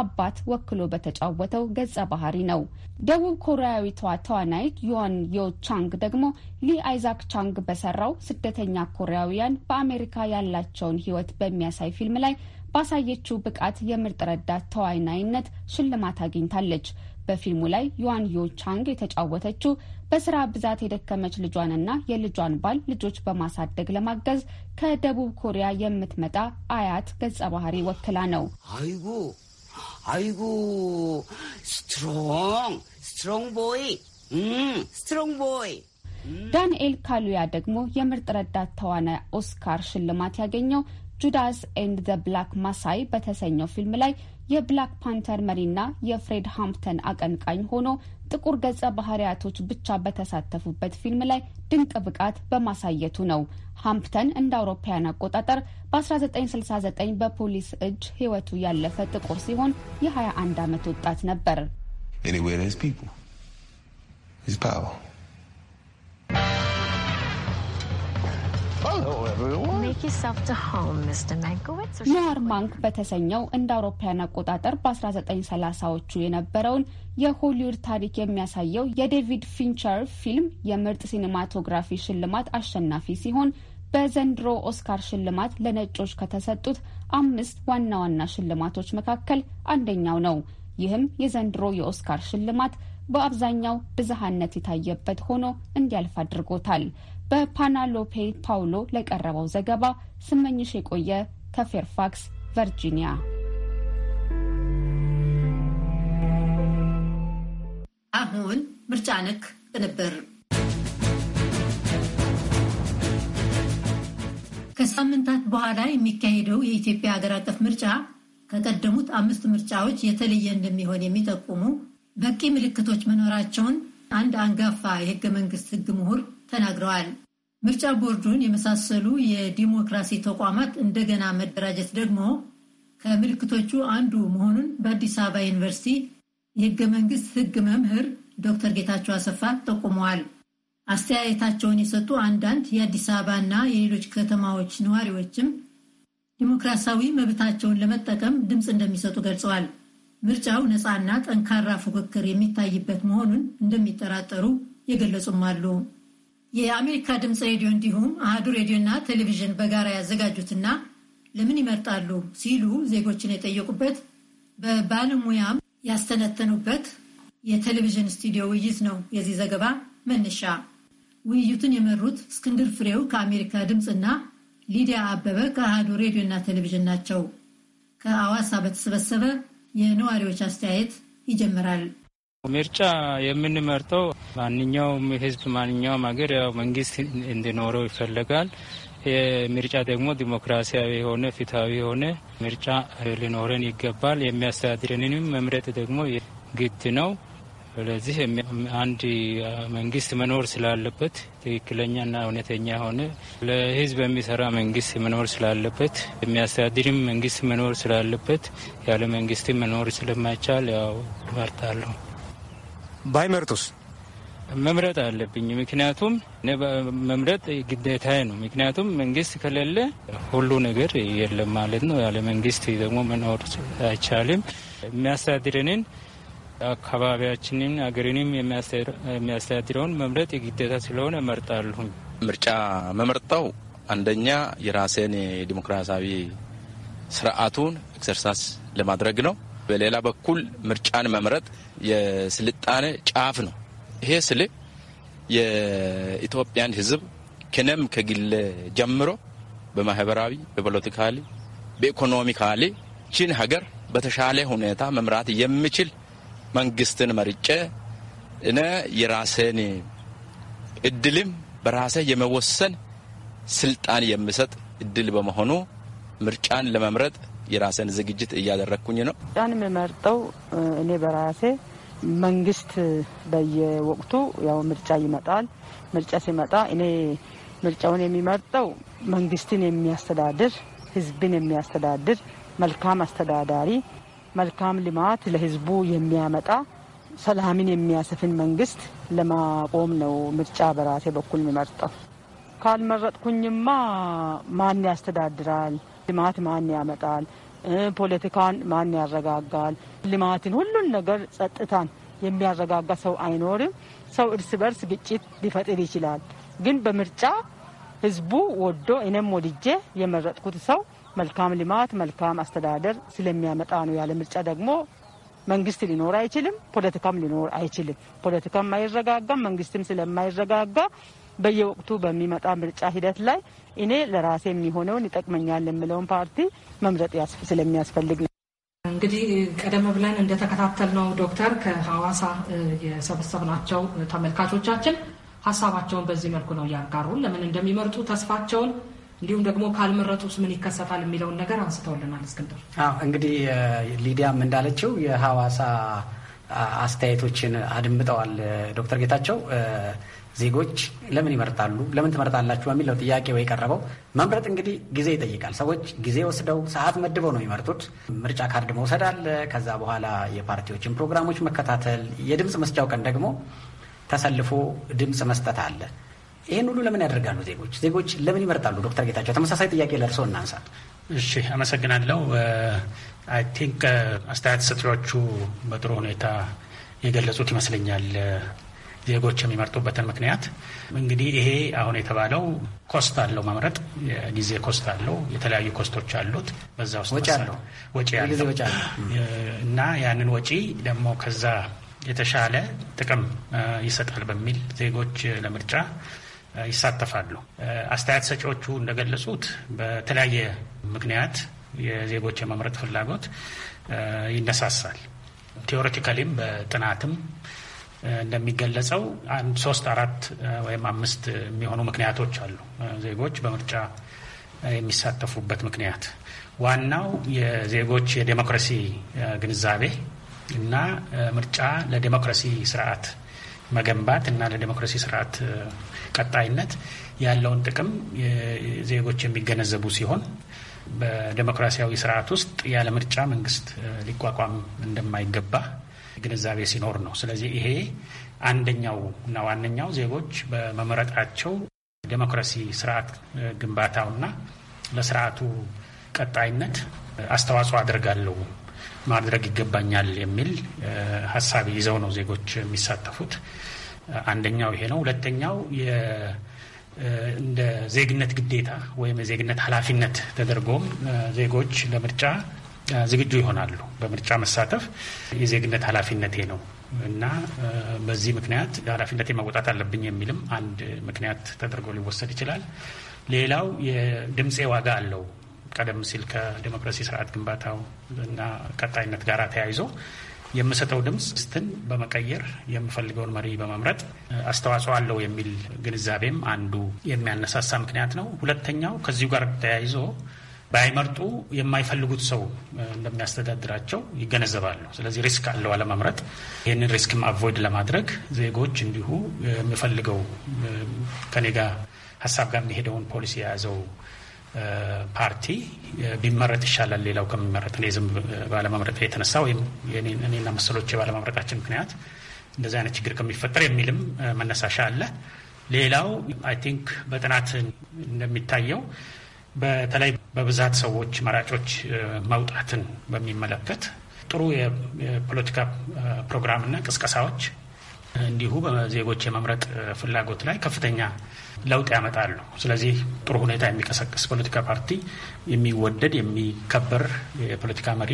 አባት ወክሎ በተጫወተው ገጸ ባህሪ ነው። ደቡብ ኮሪያዊቷ ተዋናይት ዩዋን ዮ ቻንግ ደግሞ ሊ አይዛክ ቻንግ በሰራው ስደተኛ ኮሪያውያን በአሜሪካ ያላቸውን ሕይወት በሚያሳይ ፊልም ላይ ባሳየችው ብቃት የምርጥ ረዳት ተዋናይነት ሽልማት አግኝታለች። በፊልሙ ላይ ዩዋን ዮ ቻንግ የተጫወተችው በስራ ብዛት የደከመች ልጇንና የልጇን ባል ልጆች በማሳደግ ለማገዝ ከደቡብ ኮሪያ የምትመጣ አያት ገጸ ባህሪ ወክላ ነው። አይጎ አይጎ ስትሮንግ ስትሮንግ ቦይ ስትሮንግ ቦይ። ዳንኤል ካሉያ ደግሞ የምርጥ ረዳት ተዋናይ ኦስካር ሽልማት ያገኘው ጁዳስ ኤንድ ዘ ብላክ ማሳይ በተሰኘው ፊልም ላይ የብላክ ፓንተር መሪና የፍሬድ ሃምፕተን አቀንቃኝ ሆኖ ጥቁር ገጸ ባህሪያቶች ብቻ በተሳተፉበት ፊልም ላይ ድንቅ ብቃት በማሳየቱ ነው። ሃምፕተን እንደ አውሮፓውያን አቆጣጠር በ1969 በፖሊስ እጅ ሕይወቱ ያለፈ ጥቁር ሲሆን የ21 ዓመት ወጣት ነበር። ማንክ በተሰኘው እንደ አውሮፓውያን አቆጣጠር በ1930ዎቹ የነበረውን የሆሊውድ ታሪክ የሚያሳየው የዴቪድ ፊንቸር ፊልም የምርጥ ሲኒማቶግራፊ ሽልማት አሸናፊ ሲሆን በዘንድሮ ኦስካር ሽልማት ለነጮች ከተሰጡት አምስት ዋና ዋና ሽልማቶች መካከል አንደኛው ነው። ይህም የዘንድሮ የኦስካር ሽልማት በአብዛኛው ብዝሃነት የታየበት ሆኖ እንዲያልፍ አድርጎታል። በፓናሎፔ ፓውሎ ለቀረበው ዘገባ ስመኝሽ የቆየ ከፌርፋክስ ቨርጂኒያ። አሁን ምርጫ ነክ ቅንብር። ከሳምንታት በኋላ የሚካሄደው የኢትዮጵያ ሀገር አቀፍ ምርጫ ከቀደሙት አምስት ምርጫዎች የተለየ እንደሚሆን የሚጠቁሙ በቂ ምልክቶች መኖራቸውን አንድ አንጋፋ የህገ መንግስት ህግ ምሁር ተናግረዋል። ምርጫ ቦርዱን የመሳሰሉ የዲሞክራሲ ተቋማት እንደገና መደራጀት ደግሞ ከምልክቶቹ አንዱ መሆኑን በአዲስ አበባ ዩኒቨርሲቲ የህገ መንግስት ህግ መምህር ዶክተር ጌታቸው አሰፋ ጠቁመዋል። አስተያየታቸውን የሰጡ አንዳንድ የአዲስ አበባና የሌሎች ከተማዎች ነዋሪዎችም ዲሞክራሲያዊ መብታቸውን ለመጠቀም ድምፅ እንደሚሰጡ ገልጸዋል። ምርጫው ነፃና ጠንካራ ፉክክር የሚታይበት መሆኑን እንደሚጠራጠሩ የገለጹም አሉ። የአሜሪካ ድምፅ ሬዲዮ እንዲሁም አህዱ እና ቴሌቪዥን በጋራ ያዘጋጁትና ለምን ይመርጣሉ ሲሉ ዜጎችን የጠየቁበት በባለሙያም ያስተነተኑበት የቴሌቪዥን ስቱዲዮ ውይይት ነው የዚህ ዘገባ መነሻ። ውይይቱን የመሩት እስክንድር ፍሬው ከአሜሪካ ድምፅና ሊዲያ አበበ ከአህዱ ሬዲዮና ቴሌቪዥን ናቸው። ከአዋሳ በተሰበሰበ የነዋሪዎች አስተያየት ይጀምራል። ምርጫ የምንመርጠው ማንኛውም ህዝብ ማንኛውም ሀገር ያው መንግስት እንዲኖረው ይፈለጋል። ምርጫ ደግሞ ዲሞክራሲያዊ የሆነ ፍትሐዊ የሆነ ምርጫ ሊኖረን ይገባል። የሚያስተዳድረንንም መምረጥ ደግሞ ግድ ነው። ስለዚህ አንድ መንግስት መኖር ስላለበት ትክክለኛና እውነተኛ የሆነ ለህዝብ የሚሰራ መንግስት መኖር ስላለበት የሚያስተዳድርም መንግስት መኖር ስላለበት ያለ መንግስት መኖር ስለማይቻል ያው እመርጣለሁ። ባይመርጡስ? መምረጥ አለብኝ። ምክንያቱም መምረጥ ግዴታዬ ነው። ምክንያቱም መንግስት ከሌለ ሁሉ ነገር የለም ማለት ነው። ያለ መንግስት ደግሞ መኖር አይቻልም። የሚያስተዳድረንን አካባቢያችንን አገርንም የሚያስተዳድረውን መምረጥ የግዴታ ስለሆነ እመርጣለሁ። ምርጫ መመርጠው አንደኛ የራሴን የዲሞክራሲያዊ ስርዓቱን ኤክሰርሳይዝ ለማድረግ ነው። በሌላ በኩል ምርጫን መምረጥ የስልጣኔ ጫፍ ነው። ይሄ ስል የኢትዮጵያን ሕዝብ ክነም ከግል ጀምሮ በማህበራዊ፣ በፖለቲካሊ፣ በኢኮኖሚካሊ ችን ሀገር በተሻለ ሁኔታ መምራት የሚችል መንግስትን መርጬ እነ የራሴን እድልም በራሴ የመወሰን ስልጣን የሚሰጥ እድል በመሆኑ ምርጫን ለመምረጥ የራሰን ዝግጅት እያደረግኩኝ ነው። ያን የምመርጠው እኔ በራሴ መንግስት በየወቅቱ ያው ምርጫ ይመጣል። ምርጫ ሲመጣ እኔ ምርጫውን የሚመርጠው መንግስትን የሚያስተዳድር ህዝብን የሚያስተዳድር መልካም አስተዳዳሪ፣ መልካም ልማት ለህዝቡ የሚያመጣ ሰላምን የሚያሰፍን መንግስት ለማቆም ነው ምርጫ በራሴ በኩል የሚመርጠው። ካልመረጥኩኝማ ማን ያስተዳድራል? ልማት ማን ያመጣል? ፖለቲካን ማን ያረጋጋል? ልማትን፣ ሁሉን ነገር ጸጥታን የሚያረጋጋ ሰው አይኖርም። ሰው እርስ በርስ ግጭት ሊፈጥር ይችላል። ግን በምርጫ ህዝቡ ወዶ እኔም ወድጄ የመረጥኩት ሰው መልካም ልማት፣ መልካም አስተዳደር ስለሚያመጣ ነው። ያለ ምርጫ ደግሞ መንግስት ሊኖር አይችልም፣ ፖለቲካም ሊኖር አይችልም። ፖለቲካም አይረጋጋም፣ መንግስትም ስለማይረጋጋ በየወቅቱ በሚመጣ ምርጫ ሂደት ላይ እኔ ለራሴ የሚሆነውን ይጠቅመኛል የምለውን ፓርቲ መምረጥ ስለሚያስፈልግ ነው። እንግዲህ ቀደም ብለን እንደተከታተል ነው ዶክተር ከሐዋሳ የሰበሰብናቸው ተመልካቾቻችን ሀሳባቸውን በዚህ መልኩ ነው ያጋሩን። ለምን እንደሚመርጡ ተስፋቸውን እንዲሁም ደግሞ ካልመረጡስ ምን ይከሰታል የሚለውን ነገር አንስተውልናል። እስክንድር እንግዲህ ሊዲያም እንዳለችው የሐዋሳ አስተያየቶችን አድምጠዋል ዶክተር ጌታቸው ዜጎች ለምን ይመርጣሉ? ለምን ትመርጣላችሁ? በሚለው ጥያቄ ወይ የቀረበው መምረጥ እንግዲህ ጊዜ ይጠይቃል። ሰዎች ጊዜ ወስደው ሰዓት መድበው ነው የሚመርጡት። ምርጫ ካርድ መውሰድ አለ። ከዛ በኋላ የፓርቲዎችን ፕሮግራሞች መከታተል፣ የድምፅ መስጫው ቀን ደግሞ ተሰልፎ ድምፅ መስጠት አለ። ይህን ሁሉ ለምን ያደርጋሉ ዜጎች? ዜጎች ለምን ይመርጣሉ? ዶክተር ጌታቸው ተመሳሳይ ጥያቄ ለእርስዎ እናንሳ። እሺ፣ አመሰግናለሁ። አይ ቲንክ አስተያየት ሰጪዎቹ በጥሩ ሁኔታ የገለጹት ይመስለኛል። ዜጎች የሚመርጡበትን ምክንያት እንግዲህ ይሄ አሁን የተባለው ኮስት አለው መምረጥ የጊዜ ኮስት አለው፣ የተለያዩ ኮስቶች አሉት። በዛ ውስጥ ወጪ አለው እና ያንን ወጪ ደግሞ ከዛ የተሻለ ጥቅም ይሰጣል በሚል ዜጎች ለምርጫ ይሳተፋሉ። አስተያየት ሰጪዎቹ እንደገለጹት በተለያየ ምክንያት የዜጎች የመምረጥ ፍላጎት ይነሳሳል። ቴዎሬቲካሊም በጥናትም እንደሚገለጸው ሶስት አራት ወይም አምስት የሚሆኑ ምክንያቶች አሉ። ዜጎች በምርጫ የሚሳተፉበት ምክንያት ዋናው የዜጎች የዴሞክራሲ ግንዛቤ እና ምርጫ ለዴሞክራሲ ስርዓት መገንባት እና ለዴሞክራሲ ስርዓት ቀጣይነት ያለውን ጥቅም ዜጎች የሚገነዘቡ ሲሆን በዴሞክራሲያዊ ስርዓት ውስጥ ያለ ምርጫ መንግስት ሊቋቋም እንደማይገባ ግንዛቤ ሲኖር ነው። ስለዚህ ይሄ አንደኛው እና ዋነኛው ዜጎች በመመረጣቸው ዴሞክራሲ ስርዓት ግንባታውና ለስርዓቱ ቀጣይነት አስተዋጽኦ አድርጋለው ማድረግ ይገባኛል የሚል ሀሳብ ይዘው ነው ዜጎች የሚሳተፉት። አንደኛው ይሄ ነው። ሁለተኛው እንደ ዜግነት ግዴታ ወይም የዜግነት ኃላፊነት ተደርጎም ዜጎች ለምርጫ ዝግጁ ይሆናሉ። በምርጫ መሳተፍ የዜግነት ኃላፊነቴ ነው እና በዚህ ምክንያት ኃላፊነቴ መወጣት አለብኝ የሚልም አንድ ምክንያት ተደርጎ ሊወሰድ ይችላል። ሌላው የድምፄ ዋጋ አለው። ቀደም ሲል ከዲሞክራሲ ስርዓት ግንባታው እና ቀጣይነት ጋር ተያይዞ የምሰጠው ድምፅ ስትን በመቀየር የምፈልገውን መሪ በመምረጥ አስተዋጽኦ አለው የሚል ግንዛቤም አንዱ የሚያነሳሳ ምክንያት ነው። ሁለተኛው ከዚሁ ጋር ተያይዞ ባይመርጡ የማይፈልጉት ሰው እንደሚያስተዳድራቸው ይገነዘባሉ። ስለዚህ ሪስክ አለው አለመምረጥ። ይህንን ሪስክም አቮይድ ለማድረግ ዜጎች እንዲሁ የሚፈልገው ከኔ ጋር ሀሳብ ጋር የሚሄደውን ፖሊሲ የያዘው ፓርቲ ቢመረጥ ይሻላል። ሌላው ከሚመረጥ እኔ ዝም ባለመምረጥ የተነሳ ወይም እኔና መሰሎች ባለመምረጣችን ምክንያት እንደዚህ አይነት ችግር ከሚፈጠር የሚልም መነሳሻ አለ። ሌላው አይ ቲንክ በጥናት እንደሚታየው በተለይ በብዛት ሰዎች መራጮች መውጣትን በሚመለከት ጥሩ የፖለቲካ ፕሮግራምና ቅስቀሳዎች እንዲሁ በዜጎች የመምረጥ ፍላጎት ላይ ከፍተኛ ለውጥ ያመጣሉ። ስለዚህ ጥሩ ሁኔታ የሚቀሰቅስ ፖለቲካ ፓርቲ የሚወደድ የሚከበር የፖለቲካ መሪ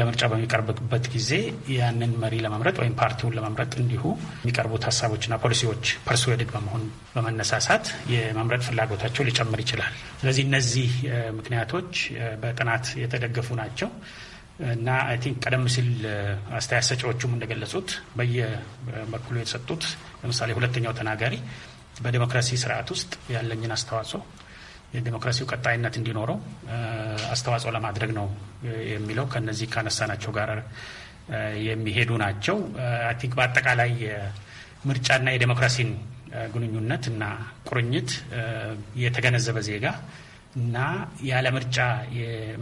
ለምርጫ በሚቀርብበት ጊዜ ያንን መሪ ለመምረጥ ወይም ፓርቲውን ለመምረጥ እንዲሁ የሚቀርቡት ሀሳቦችና ፖሊሲዎች ፐርስዌድድ በመሆን በመነሳሳት የመምረጥ ፍላጎታቸው ሊጨምር ይችላል። ስለዚህ እነዚህ ምክንያቶች በጥናት የተደገፉ ናቸው። እና አይ ቲንክ ቀደም ሲል አስተያየት ሰጪዎቹም እንደገለጹት በየበኩሉ የተሰጡት ለምሳሌ ሁለተኛው ተናጋሪ በዲሞክራሲ ስርዓት ውስጥ ያለኝን አስተዋጽኦ የዲሞክራሲው ቀጣይነት እንዲኖረው አስተዋጽኦ ለማድረግ ነው የሚለው ከነዚህ ካነሳናቸው ጋር የሚሄዱ ናቸው። አይ ቲንክ በአጠቃላይ ምርጫና የዲሞክራሲን ግንኙነት እና ቁርኝት የተገነዘበ ዜጋ እና ያለ ምርጫ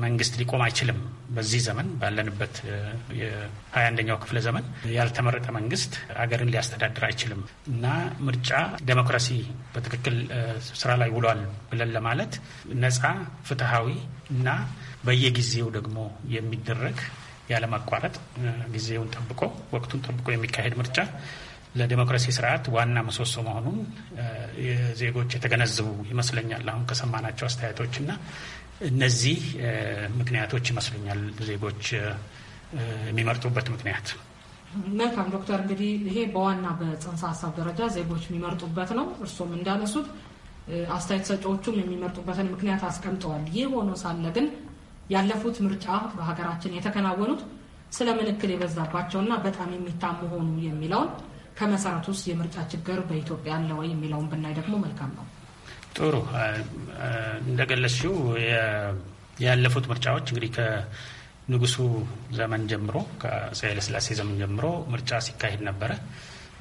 መንግስት ሊቆም አይችልም። በዚህ ዘመን ባለንበት የሀያ አንደኛው ክፍለ ዘመን ያልተመረጠ መንግስት አገርን ሊያስተዳድር አይችልም እና ምርጫ ዴሞክራሲ በትክክል ስራ ላይ ውሏል ብለን ለማለት ነፃ፣ ፍትሐዊ እና በየጊዜው ደግሞ የሚደረግ ያለማቋረጥ ጊዜውን ጠብቆ ወቅቱን ጠብቆ የሚካሄድ ምርጫ ለዲሞክራሲ ስርዓት ዋና ምሰሶ መሆኑን ዜጎች የተገነዘቡ ይመስለኛል። አሁን ከሰማናቸው አስተያየቶች እና እነዚህ ምክንያቶች ይመስለኛል ዜጎች የሚመርጡበት ምክንያት። መልካም ዶክተር፣ እንግዲህ ይሄ በዋና በጽንሰ ሀሳብ ደረጃ ዜጎች የሚመርጡበት ነው። እርሶም እንዳነሱት አስተያየት ሰጪዎቹም የሚመርጡበትን ምክንያት አስቀምጠዋል። ይህ ሆኖ ሳለ ግን ያለፉት ምርጫ በሀገራችን የተከናወኑት ስለ ምንክል የበዛባቸውና በጣም የሚታሙ ሆኑ የሚለውን ከመሰረቱ ውስጥ የምርጫ ችግር በኢትዮጵያ አለ ወይ የሚለውን ብናይ ደግሞ መልካም ነው። ጥሩ እንደገለጽሽው ያለፉት ምርጫዎች እንግዲህ ከንጉሱ ዘመን ጀምሮ ከአፄ ዘመን ጀምሮ ምርጫ ሲካሄድ ነበረ።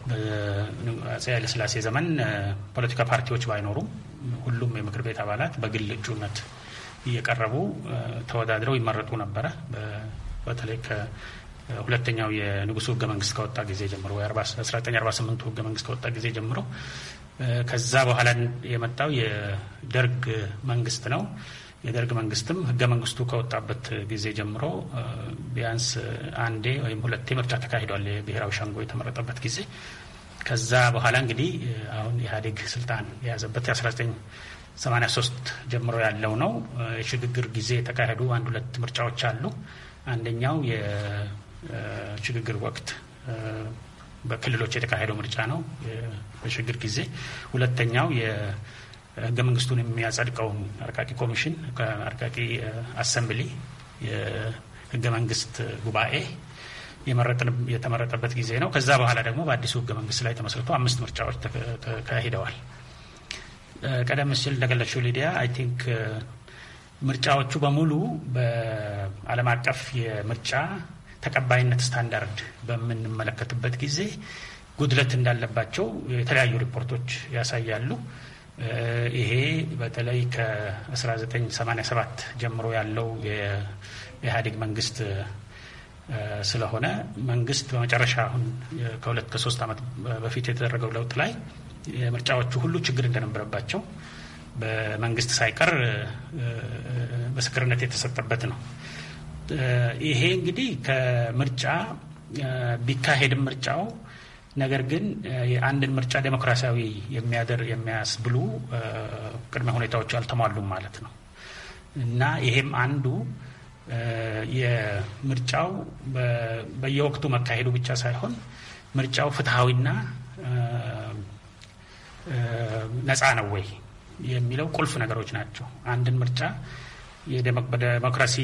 በአፄ ኃይለስላሴ ዘመን ፖለቲካ ፓርቲዎች ባይኖሩም ሁሉም የምክር ቤት አባላት በግል እጩነት እየቀረቡ ተወዳድረው ይመረጡ ነበረ። በተለይ ሁለተኛው የንጉሱ ህገ መንግስት ከወጣ ጊዜ ጀምሮ 1948 ህገ መንግስት ከወጣ ጊዜ ጀምሮ ከዛ በኋላ የመጣው የደርግ መንግስት ነው። የደርግ መንግስትም ህገ መንግስቱ ከወጣበት ጊዜ ጀምሮ ቢያንስ አንዴ ወይም ሁለቴ ምርጫ ተካሂዷል። የብሔራዊ ሸንጎ የተመረጠበት ጊዜ። ከዛ በኋላ እንግዲህ አሁን ኢህአዴግ ስልጣን የያዘበት 1983 ጀምሮ ያለው ነው። የሽግግር ጊዜ የተካሄዱ አንድ ሁለት ምርጫዎች አሉ። አንደኛው ሽግግር ወቅት በክልሎች የተካሄደው ምርጫ ነው በሽግግር ጊዜ። ሁለተኛው የህገ መንግስቱን የሚያጸድቀውን አርቃቂ ኮሚሽን ከአርቃቂ አሰምብሊ የህገ መንግስት ጉባኤ የተመረጠበት ጊዜ ነው። ከዛ በኋላ ደግሞ በአዲሱ ህገ መንግስት ላይ ተመስርቶ አምስት ምርጫዎች ተካሂደዋል። ቀደም ሲል እንደገለችው ሊዲያ አይ ቲንክ ምርጫዎቹ በሙሉ በዓለም አቀፍ የምርጫ ተቀባይነት ስታንዳርድ በምንመለከትበት ጊዜ ጉድለት እንዳለባቸው የተለያዩ ሪፖርቶች ያሳያሉ። ይሄ በተለይ ከ1987 ጀምሮ ያለው የኢህአዴግ መንግስት ስለሆነ መንግስት በመጨረሻ አሁን ከሁለት ከሶስት ዓመት በፊት የተደረገው ለውጥ ላይ የምርጫዎቹ ሁሉ ችግር እንደነበረባቸው በመንግስት ሳይቀር ምስክርነት የተሰጠበት ነው። ይሄ እንግዲህ ከምርጫ ቢካሄድም ምርጫው ነገር ግን የአንድን ምርጫ ዴሞክራሲያዊ የሚያደር የሚያስብሉ ቅድመ ሁኔታዎች አልተሟሉም ማለት ነው እና ይሄም አንዱ የምርጫው በየወቅቱ መካሄዱ ብቻ ሳይሆን ምርጫው ፍትሐዊና ነፃ ነው ወይ የሚለው ቁልፍ ነገሮች ናቸው። አንድን ምርጫ የዴሞክራሲ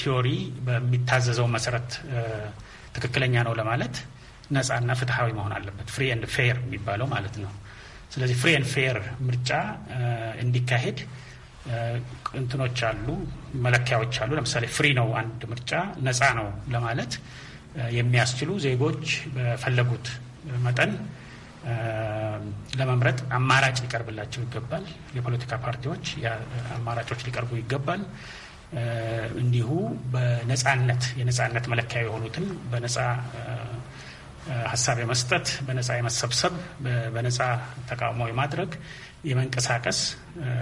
ቲዮሪ በሚታዘዘው መሰረት ትክክለኛ ነው ለማለት ነጻና ፍትሐዊ መሆን አለበት። ፍሪ ኤንድ ፌር የሚባለው ማለት ነው። ስለዚህ ፍሪ ኤንድ ፌር ምርጫ እንዲካሄድ እንትኖች አሉ፣ መለኪያዎች አሉ። ለምሳሌ ፍሪ ነው አንድ ምርጫ ነጻ ነው ለማለት የሚያስችሉ ዜጎች በፈለጉት መጠን ለመምረጥ አማራጭ ሊቀርብላቸው ይገባል። የፖለቲካ ፓርቲዎች አማራጮች ሊቀርቡ ይገባል። እንዲሁ በነጻነት የነጻነት መለኪያ የሆኑትን በነጻ ሀሳብ የመስጠት በነጻ የመሰብሰብ በነጻ ተቃውሞ የማድረግ የመንቀሳቀስ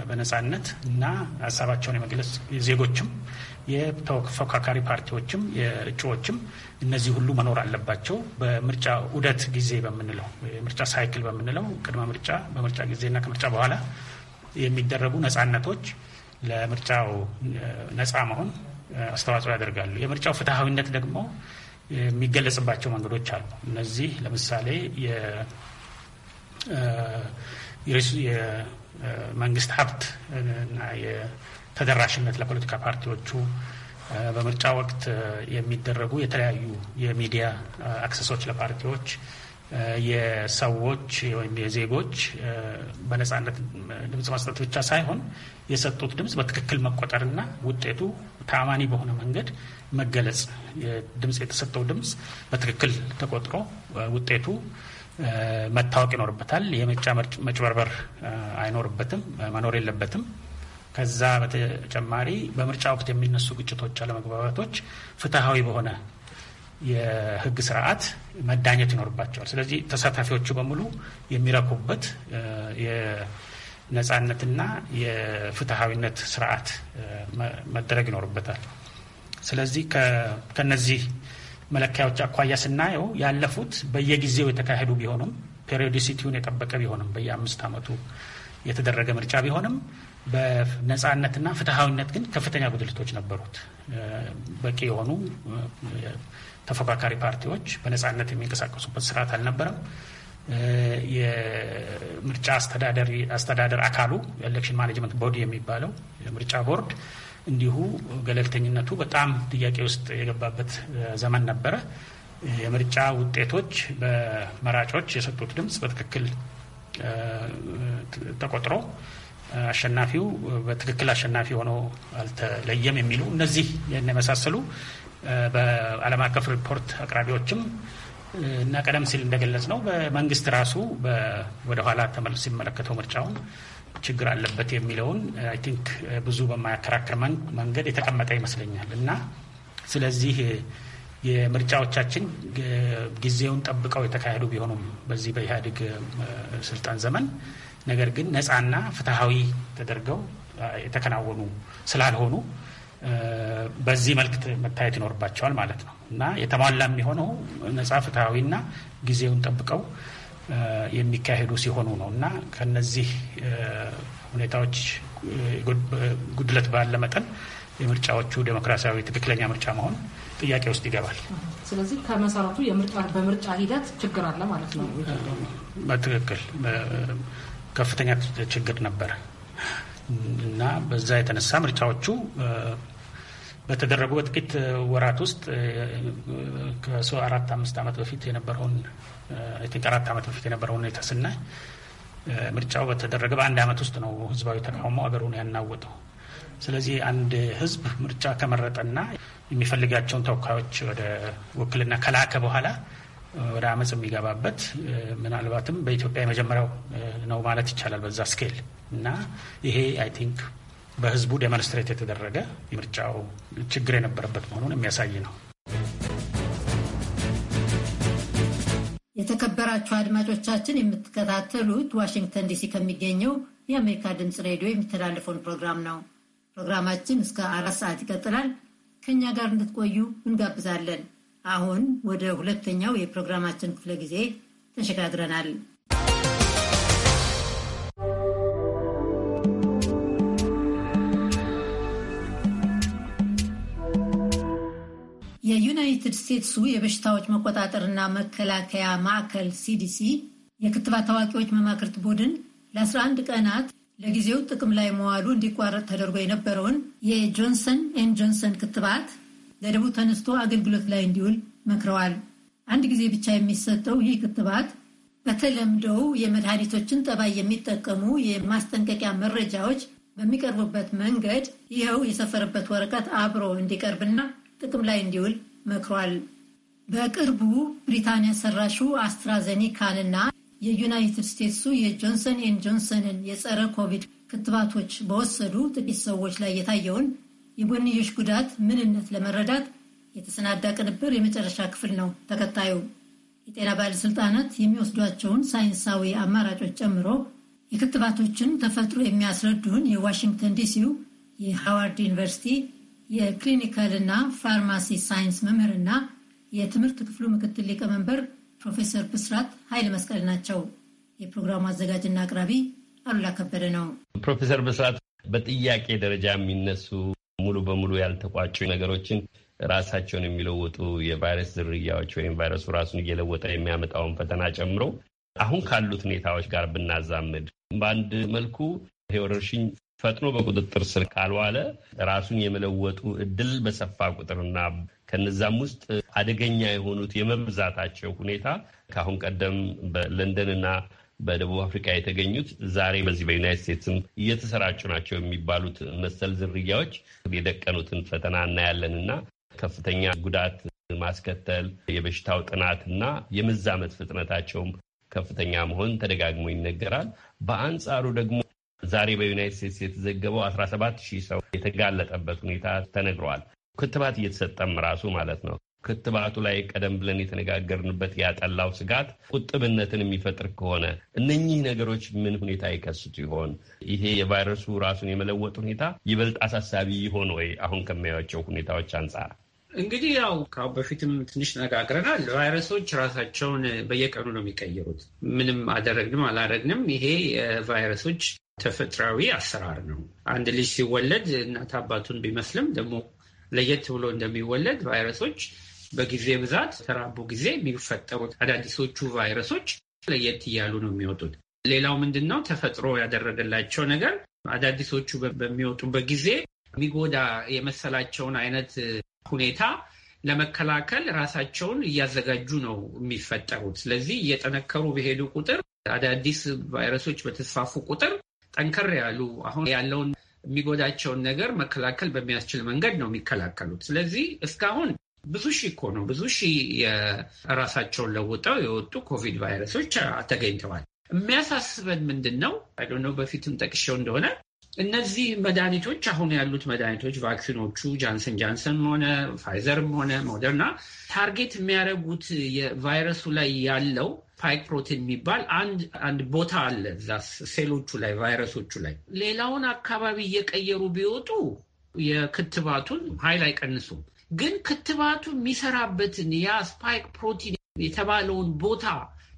በነጻነት እና ሀሳባቸውን የመግለጽ ዜጎችም የተፎካካሪ ፓርቲዎችም የእጩዎችም እነዚህ ሁሉ መኖር አለባቸው። በምርጫ ውደት ጊዜ በምንለው የምርጫ ሳይክል በምንለው ቅድመ ምርጫ፣ በምርጫ ጊዜና ከምርጫ በኋላ የሚደረጉ ነጻነቶች ለምርጫው ነጻ መሆን አስተዋጽኦ ያደርጋሉ። የምርጫው ፍትሐዊነት ደግሞ የሚገለጽባቸው መንገዶች አሉ። እነዚህ ለምሳሌ የመንግስት ሀብት እና ተደራሽነት ለፖለቲካ ፓርቲዎቹ በምርጫ ወቅት የሚደረጉ የተለያዩ የሚዲያ አክሰሶች ለፓርቲዎች የሰዎች ወይም የዜጎች በነጻነት ድምጽ መስጠት ብቻ ሳይሆን የሰጡት ድምጽ በትክክል መቆጠርና ውጤቱ ታማኒ በሆነ መንገድ መገለጽ ድምጽ የተሰጠው ድምጽ በትክክል ተቆጥሮ ውጤቱ መታወቅ ይኖርበታል። የምርጫ መጭበርበር አይኖርበትም፣ መኖር የለበትም። ከዛ በተጨማሪ በምርጫ ወቅት የሚነሱ ግጭቶች፣ አለመግባባቶች ፍትሐዊ በሆነ የህግ ስርዓት መዳኘት ይኖርባቸዋል። ስለዚህ ተሳታፊዎቹ በሙሉ የሚረኩበት የነጻነትና የፍትሐዊነት ስርዓት መደረግ ይኖርበታል። ስለዚህ ከነዚህ መለኪያዎች አኳያ ስናየው ያለፉት በየጊዜው የተካሄዱ ቢሆኑም ፔሪዮዲሲቲውን የጠበቀ ቢሆንም በየአምስት ዓመቱ የተደረገ ምርጫ ቢሆንም በነጻነትና ፍትሐዊነት ግን ከፍተኛ ጉድለቶች ነበሩት። በቂ የሆኑ ተፎካካሪ ፓርቲዎች በነፃነት የሚንቀሳቀሱበት ስርዓት አልነበረም። የምርጫ አስተዳደር አካሉ ኤሌክሽን ማኔጅመንት ቦዲ የሚባለው የምርጫ ቦርድ እንዲሁ ገለልተኝነቱ በጣም ጥያቄ ውስጥ የገባበት ዘመን ነበረ። የምርጫ ውጤቶች በመራጮች የሰጡት ድምፅ በትክክል ተቆጥሮ አሸናፊው በትክክል አሸናፊ ሆኖ አልተለየም የሚሉ እነዚህ የመሳሰሉ በዓለም አቀፍ ሪፖርት አቅራቢዎችም እና ቀደም ሲል እንደገለጽ ነው በመንግስት ራሱ ወደኋላ ተመልሶ ሲመለከተው ምርጫውን ችግር አለበት የሚለውን አይ ቲንክ ብዙ በማያከራክር መንገድ የተቀመጠ ይመስለኛል እና ስለዚህ የምርጫዎቻችን ጊዜውን ጠብቀው የተካሄዱ ቢሆኑም በዚህ በኢህአዴግ ስልጣን ዘመን ነገር ግን ነፃና ፍትሐዊ ተደርገው የተከናወኑ ስላልሆኑ በዚህ መልክ መታየት ይኖርባቸዋል ማለት ነው እና የተሟላ የሚሆነው ነፃ ፍትሐዊና ጊዜውን ጠብቀው የሚካሄዱ ሲሆኑ ነው እና ከነዚህ ሁኔታዎች ጉድለት ባለ መጠን የምርጫዎቹ ዴሞክራሲያዊ ትክክለኛ ምርጫ መሆን ጥያቄ ውስጥ ይገባል። ስለዚህ ከመሰረቱ በምርጫ ሂደት ችግር አለ ማለት ነው። በትክክል ከፍተኛ ችግር ነበረ እና በዛ የተነሳ ምርጫዎቹ በተደረጉ በጥቂት ወራት ውስጥ ከሰው አራት አምስት ዓመት በፊት የነበረውን አራት ዓመት በፊት የነበረውን ሁኔታ ስናይ ምርጫው በተደረገ በአንድ ዓመት ውስጥ ነው ህዝባዊ ተቃውሞ አገሩን ያናወጠው። ስለዚህ አንድ ህዝብ ምርጫ ከመረጠና የሚፈልጋቸውን ተወካዮች ወደ ውክልና ከላከ በኋላ ወደ አመፅ የሚገባበት ምናልባትም በኢትዮጵያ የመጀመሪያው ነው ማለት ይቻላል በዛ ስኬል እና ይሄ አይ ቲንክ በህዝቡ ዴሞንስትሬት የተደረገ ምርጫው ችግር የነበረበት መሆኑን የሚያሳይ ነው። የተከበራችሁ አድማጮቻችን የምትከታተሉት ዋሽንግተን ዲሲ ከሚገኘው የአሜሪካ ድምፅ ሬዲዮ የሚተላለፈውን ፕሮግራም ነው። ፕሮግራማችን እስከ አራት ሰዓት ይቀጥላል። ከእኛ ጋር እንድትቆዩ እንጋብዛለን። አሁን ወደ ሁለተኛው የፕሮግራማችን ክፍለ ጊዜ ተሸጋግረናል። የዩናይትድ ስቴትሱ የበሽታዎች መቆጣጠርና መከላከያ ማዕከል ሲዲሲ የክትባት አዋቂዎች መማክርት ቡድን ለ11 ቀናት ለጊዜው ጥቅም ላይ መዋሉ እንዲቋረጥ ተደርጎ የነበረውን የጆንሰን ኤንድ ጆንሰን ክትባት ለደቡብ ተነስቶ አገልግሎት ላይ እንዲውል መክረዋል። አንድ ጊዜ ብቻ የሚሰጠው ይህ ክትባት በተለምደው የመድኃኒቶችን ጠባይ የሚጠቀሙ የማስጠንቀቂያ መረጃዎች በሚቀርቡበት መንገድ ይኸው የሰፈረበት ወረቀት አብሮ እንዲቀርብና ጥቅም ላይ እንዲውል መክሯል። በቅርቡ ብሪታንያ ሰራሹ አስትራዘኒካንና የዩናይትድ ስቴትሱ የጆንሰን ኤንድ ጆንሰንን የጸረ ኮቪድ ክትባቶች በወሰዱ ጥቂት ሰዎች ላይ የታየውን የጎንዮሽ ጉዳት ምንነት ለመረዳት የተሰናዳ ቅንብር የመጨረሻ ክፍል ነው ተከታዩ። የጤና ባለስልጣናት የሚወስዷቸውን ሳይንሳዊ አማራጮች ጨምሮ የክትባቶችን ተፈጥሮ የሚያስረዱን የዋሽንግተን ዲሲው የሃዋርድ ዩኒቨርሲቲ የክሊኒካልና ፋርማሲ ሳይንስ መምህርና የትምህርት ክፍሉ ምክትል ሊቀመንበር ፕሮፌሰር ብስራት ኃይለ መስቀል ናቸው። የፕሮግራሙ አዘጋጅና አቅራቢ አሉላ ከበደ ነው። ፕሮፌሰር ብስራት በጥያቄ ደረጃ የሚነሱ ሙሉ በሙሉ ያልተቋጩ ነገሮችን ራሳቸውን የሚለወጡ የቫይረስ ዝርያዎች ወይም ቫይረሱ ራሱን እየለወጠ የሚያመጣውን ፈተና ጨምሮ አሁን ካሉት ሁኔታዎች ጋር ብናዛምድ በአንድ መልኩ ይሄ ወረርሽኝ ፈጥኖ በቁጥጥር ስር ካልዋለ ራሱን የመለወጡ እድል በሰፋ ቁጥርና ከነዛም ውስጥ አደገኛ የሆኑት የመብዛታቸው ሁኔታ ከአሁን ቀደም በለንደንና በደቡብ አፍሪካ የተገኙት ዛሬ በዚህ በዩናይት ስቴትስም እየተሰራጩ ናቸው የሚባሉት መሰል ዝርያዎች የደቀኑትን ፈተና እናያለን እና ከፍተኛ ጉዳት ማስከተል የበሽታው ጥናት እና የመዛመት ፍጥነታቸውም ከፍተኛ መሆን ተደጋግሞ ይነገራል። በአንጻሩ ደግሞ ዛሬ በዩናይት ስቴትስ የተዘገበው 17 ሺህ ሰው የተጋለጠበት ሁኔታ ተነግሯል። ክትባት እየተሰጠም ራሱ ማለት ነው። ክትባቱ ላይ ቀደም ብለን የተነጋገርንበት ያጠላው ስጋት ቁጥብነትን የሚፈጥር ከሆነ እነኚህ ነገሮች ምን ሁኔታ ይከስቱ ይሆን? ይሄ የቫይረሱ ራሱን የመለወጥ ሁኔታ ይበልጥ አሳሳቢ ይሆን ወይ? አሁን ከሚያያቸው ሁኔታዎች አንጻር እንግዲህ ያው ከአሁን በፊትም ትንሽ ነጋግረናል። ቫይረሶች ራሳቸውን በየቀኑ ነው የሚቀይሩት። ምንም አደረግንም አላደረግንም፣ ይሄ የቫይረሶች ተፈጥሯዊ አሰራር ነው። አንድ ልጅ ሲወለድ እናት አባቱን ቢመስልም ደግሞ ለየት ብሎ እንደሚወለድ ቫይረሶች በጊዜ ብዛት ተራቦ ጊዜ የሚፈጠሩት አዳዲሶቹ ቫይረሶች ለየት እያሉ ነው የሚወጡት። ሌላው ምንድን ነው ተፈጥሮ ያደረገላቸው ነገር አዳዲሶቹ በሚወጡበት ጊዜ የሚጎዳ የመሰላቸውን አይነት ሁኔታ ለመከላከል ራሳቸውን እያዘጋጁ ነው የሚፈጠሩት። ስለዚህ እየጠነከሩ በሄዱ ቁጥር አዳዲስ ቫይረሶች በተስፋፉ ቁጥር ጠንከር ያሉ አሁን ያለውን የሚጎዳቸውን ነገር መከላከል በሚያስችል መንገድ ነው የሚከላከሉት። ስለዚህ እስካሁን ብዙ ሺህ እኮ ነው። ብዙ ሺህ የራሳቸውን ለውጠው የወጡ ኮቪድ ቫይረሶች ተገኝተዋል። የሚያሳስበን ምንድን ነው? ነው በፊትም ጠቅሼው እንደሆነ እነዚህ መድኃኒቶች አሁን ያሉት መድኃኒቶች ቫክሲኖቹ ጃንሰን ጃንሰን ሆነ ፋይዘርም ሆነ ሞደርና ታርጌት የሚያደርጉት የቫይረሱ ላይ ያለው ስፓይክ ፕሮቲን የሚባል አንድ አንድ ቦታ አለ እዛ ሴሎቹ ላይ ቫይረሶቹ ላይ። ሌላውን አካባቢ እየቀየሩ ቢወጡ የክትባቱን ኃይል አይቀንሱም። ግን ክትባቱ የሚሰራበትን ያ ስፓይክ ፕሮቲን የተባለውን ቦታ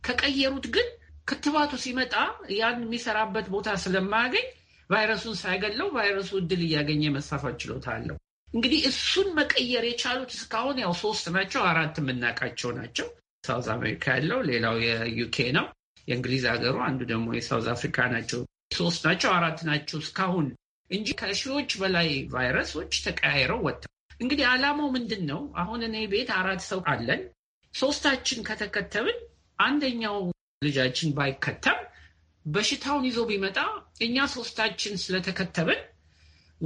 ከቀየሩት ግን ክትባቱ ሲመጣ ያን የሚሰራበት ቦታ ስለማያገኝ ቫይረሱን ሳይገለው ቫይረሱ እድል እያገኘ መሳፋት ችሎታ አለው። እንግዲህ እሱን መቀየር የቻሉት እስካሁን ያው ሶስት ናቸው፣ አራት የምናውቃቸው ናቸው። ሳውዝ አሜሪካ ያለው ሌላው የዩኬ ነው፣ የእንግሊዝ ሀገሩ አንዱ ደግሞ የሳውዝ አፍሪካ ናቸው። ሶስት ናቸው፣ አራት ናቸው እስካሁን እንጂ ከሺዎች በላይ ቫይረሶች ተቀያይረው ወጥተዋል። እንግዲህ ዓላማው ምንድን ነው? አሁን እኔ ቤት አራት ሰው አለን። ሶስታችን ከተከተብን አንደኛው ልጃችን ባይከተብ በሽታውን ይዞ ቢመጣ እኛ ሶስታችን ስለተከተብን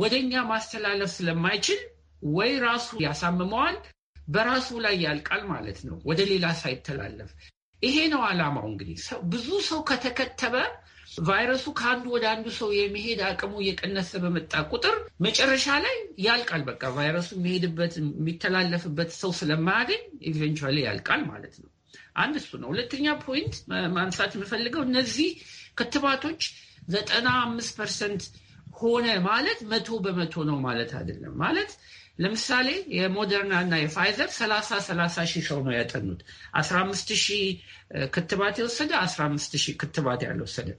ወደ እኛ ማስተላለፍ ስለማይችል ወይ ራሱ ያሳምመዋል በራሱ ላይ ያልቃል ማለት ነው፣ ወደ ሌላ ሳይተላለፍ። ይሄ ነው ዓላማው። እንግዲህ ብዙ ሰው ከተከተበ ቫይረሱ ከአንዱ ወደ አንዱ ሰው የሚሄድ አቅሙ እየቀነሰ በመጣ ቁጥር መጨረሻ ላይ ያልቃል። በቃ ቫይረሱ የሚሄድበት የሚተላለፍበት ሰው ስለማያገኝ ኢቨንቹዋሊ ያልቃል ማለት ነው። አንድ እሱ ነው። ሁለተኛ ፖይንት ማንሳት የምፈልገው እነዚህ ክትባቶች ዘጠና አምስት ፐርሰንት ሆነ ማለት መቶ በመቶ ነው ማለት አይደለም ማለት ለምሳሌ የሞደርና እና የፋይዘር ሰላሳ ሰላሳ ሺህ ሰው ነው ያጠኑት። አስራ አምስት ሺህ ክትባት የወሰደ አስራ አምስት ሺህ ክትባት ያልወሰደ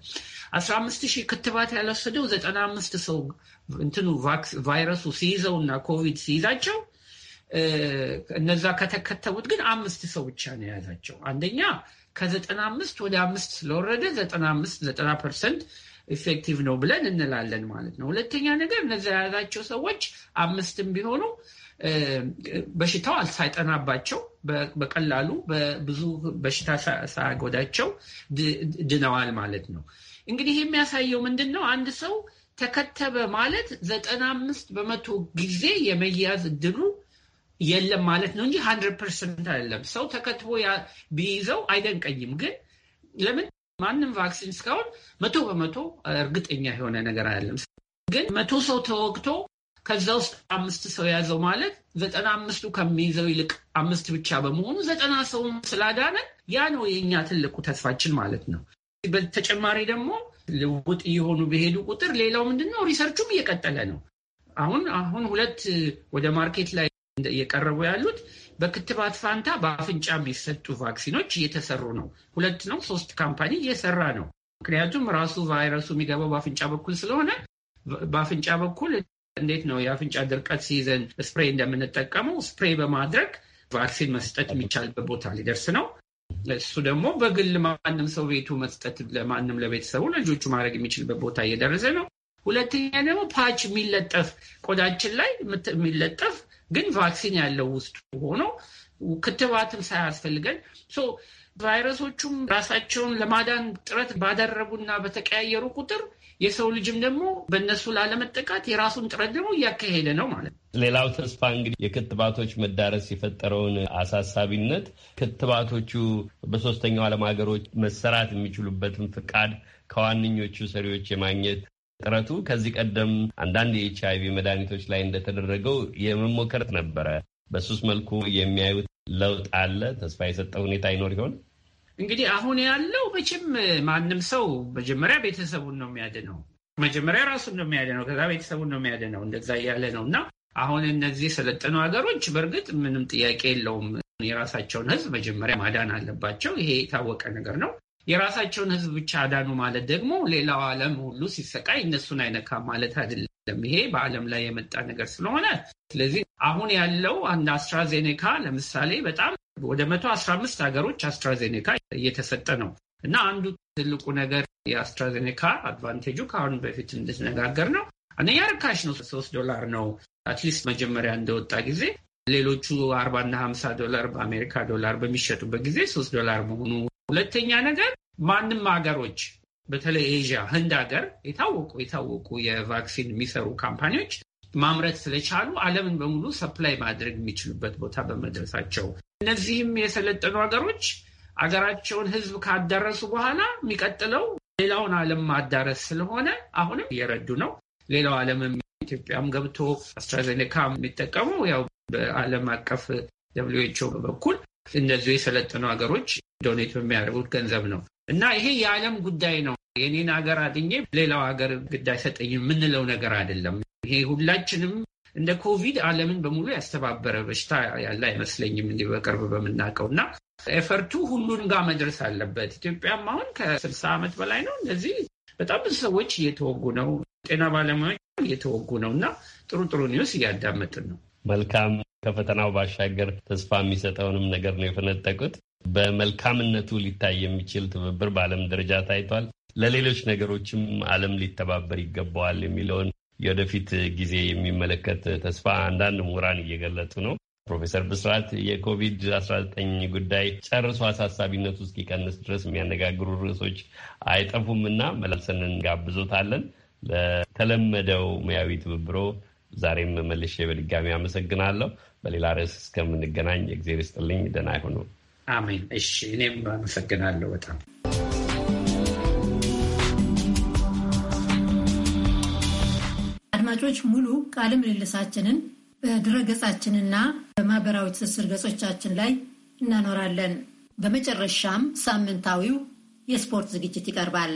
አስራ አምስት ሺህ ክትባት ያልወሰደው ዘጠና አምስት ሰው እንትኑ ቫይረሱ ሲይዘው እና ኮቪድ ሲይዛቸው እነዛ ከተከተቡት ግን አምስት ሰው ብቻ ነው የያዛቸው። አንደኛ ከዘጠና አምስት ወደ አምስት ስለወረደ ዘጠና አምስት ዘጠና ፐርሰንት ኢፌክቲቭ ነው ብለን እንላለን ማለት ነው። ሁለተኛ ነገር እነዚያ የያዛቸው ሰዎች አምስትም ቢሆኑ በሽታው ሳይጠናባቸው በቀላሉ በብዙ በሽታ ሳያጎዳቸው ድነዋል ማለት ነው። እንግዲህ የሚያሳየው ምንድን ነው? አንድ ሰው ተከተበ ማለት ዘጠና አምስት በመቶ ጊዜ የመያዝ እድሉ የለም ማለት ነው እንጂ ሀንድረድ ፐርሰንት አይደለም። ሰው ተከትቦ ቢይዘው አይደንቀኝም ግን ለምን ማንም ቫክሲን እስካሁን መቶ በመቶ እርግጠኛ የሆነ ነገር አያለም። ግን መቶ ሰው ተወግቶ ከዛ ውስጥ አምስት ሰው የያዘው ማለት ዘጠና አምስቱ ከሚይዘው ይልቅ አምስት ብቻ በመሆኑ ዘጠና ሰው ስላዳነን ያ ነው የእኛ ትልቁ ተስፋችን ማለት ነው። በተጨማሪ ደግሞ ልውጥ እየሆኑ በሄዱ ቁጥር ሌላው ምንድነው ሪሰርቹም እየቀጠለ ነው። አሁን አሁን ሁለት ወደ ማርኬት ላይ እየቀረቡ ያሉት በክትባት ፋንታ በአፍንጫ የሚሰጡ ቫክሲኖች እየተሰሩ ነው። ሁለት ነው ሶስት ካምፓኒ እየሰራ ነው። ምክንያቱም ራሱ ቫይረሱ የሚገባው በአፍንጫ በኩል ስለሆነ በአፍንጫ በኩል እንዴት ነው የአፍንጫ ድርቀት ሲይዘን ስፕሬ እንደምንጠቀመው ስፕሬይ በማድረግ ቫክሲን መስጠት የሚቻልበት ቦታ ሊደርስ ነው። እሱ ደግሞ በግል ማንም ሰው ቤቱ መስጠት ለማንም ለቤተሰቡ ለልጆቹ ማድረግ የሚችልበት ቦታ እየደረሰ ነው። ሁለተኛ ደግሞ ፓች የሚለጠፍ ቆዳችን ላይ የሚለጠፍ ግን ቫክሲን ያለው ውስጡ ሆኖ ክትባትም ሳያስፈልገን ቫይረሶቹም ራሳቸውን ለማዳን ጥረት ባደረጉና በተቀያየሩ ቁጥር የሰው ልጅም ደግሞ በእነሱ ላለመጠቃት የራሱን ጥረት ደግሞ እያካሄደ ነው ማለት ነው። ሌላው ተስፋ እንግዲህ የክትባቶች መዳረስ የፈጠረውን አሳሳቢነት ክትባቶቹ በሶስተኛው ዓለም ሀገሮች መሰራት የሚችሉበትን ፍቃድ ከዋነኞቹ ሰሪዎች የማግኘት ጥረቱ ከዚህ ቀደም አንዳንድ የኤች አይቪ መድኃኒቶች ላይ እንደተደረገው የመሞከር ነበረ። በሱስ መልኩ የሚያዩት ለውጥ አለ? ተስፋ የሰጠ ሁኔታ ይኖር ይሆን? እንግዲህ አሁን ያለው መቼም ማንም ሰው መጀመሪያ ቤተሰቡን ነው የሚያድነው። መጀመሪያ ራሱን ነው የሚያድነው። ከዛ ቤተሰቡን ነው የሚያድነው። እንደዛ እያለ ነው እና አሁን እነዚህ የሰለጠኑ ሀገሮች በእርግጥ ምንም ጥያቄ የለውም የራሳቸውን ሕዝብ መጀመሪያ ማዳን አለባቸው። ይሄ የታወቀ ነገር ነው። የራሳቸውን ህዝብ ብቻ አዳኑ ማለት ደግሞ ሌላው ዓለም ሁሉ ሲሰቃይ እነሱን አይነካ ማለት አይደለም። ይሄ በዓለም ላይ የመጣ ነገር ስለሆነ ስለዚህ አሁን ያለው አንድ አስትራዜኔካ ለምሳሌ በጣም ወደ መቶ አስራ አምስት ሀገሮች አስትራዜኔካ እየተሰጠ ነው እና አንዱ ትልቁ ነገር የአስትራዜኔካ አድቫንቴጁ ከአሁን በፊት እንድትነጋገር ነው። አንደኛ ርካሽ ነው፣ ሶስት ዶላር ነው አትሊስት መጀመሪያ እንደወጣ ጊዜ ሌሎቹ አርባና ሀምሳ ዶላር በአሜሪካ ዶላር በሚሸጡበት ጊዜ ሶስት ዶላር መሆኑ ሁለተኛ ነገር ማንም ሀገሮች በተለይ ኤዥያ፣ ህንድ ሀገር የታወቁ የታወቁ የቫክሲን የሚሰሩ ካምፓኒዎች ማምረት ስለቻሉ ዓለምን በሙሉ ሰፕላይ ማድረግ የሚችሉበት ቦታ በመድረሳቸው እነዚህም የሰለጠኑ ሀገሮች አገራቸውን ህዝብ ካዳረሱ በኋላ የሚቀጥለው ሌላውን ዓለም ማዳረስ ስለሆነ አሁንም እየረዱ ነው። ሌላው ዓለምም ኢትዮጵያም ገብቶ አስትራዜኔካ የሚጠቀሙ ያው በዓለም አቀፍ ደብሊው ኤች ኦ በኩል እነዚሁ የሰለጠኑ ሀገሮች ዶኔት የሚያደርጉት ገንዘብ ነው እና ይሄ የዓለም ጉዳይ ነው። የኔን ሀገር አድኜ ሌላው ሀገር ግድ አይሰጠኝም የምንለው ነገር አይደለም። ይሄ ሁላችንም እንደ ኮቪድ ዓለምን በሙሉ ያስተባበረ በሽታ ያለ አይመስለኝም እንዲህ በቅርብ በምናውቀው እና ኤፈርቱ ሁሉን ጋር መድረስ አለበት። ኢትዮጵያም አሁን ከስልሳ ዓመት በላይ ነው እነዚህ በጣም ብዙ ሰዎች እየተወጉ ነው። ጤና ባለሙያዎች እየተወጉ ነው እና ጥሩ ጥሩ ኒውስ እያዳመጥን ነው። መልካም ከፈተናው ባሻገር ተስፋ የሚሰጠውንም ነገር ነው የፈነጠቁት። በመልካምነቱ ሊታይ የሚችል ትብብር በዓለም ደረጃ ታይቷል። ለሌሎች ነገሮችም ዓለም ሊተባበር ይገባዋል የሚለውን የወደፊት ጊዜ የሚመለከት ተስፋ አንዳንድ ምሁራን እየገለጡ ነው። ፕሮፌሰር ብስራት የኮቪድ-19 ጉዳይ ጨርሶ አሳሳቢነቱ እስኪቀንስ ድረስ የሚያነጋግሩ ርዕሶች አይጠፉም እና መላልሰን እንጋብዞታለን። ለተለመደው ሙያዊ ትብብሮ ዛሬም መልሼ በድጋሚ አመሰግናለሁ። በሌላ ርዕስ እስከምንገናኝ እግዜር ይስጥልኝ። ደህና ይሁኑ። አሜን። እሺ፣ እኔም አመሰግናለሁ በጣም አድማጮች። ሙሉ ቃለ ምልልሳችንን በድረ ገጻችንና በማህበራዊ ትስስር ገጾቻችን ላይ እናኖራለን። በመጨረሻም ሳምንታዊው የስፖርት ዝግጅት ይቀርባል።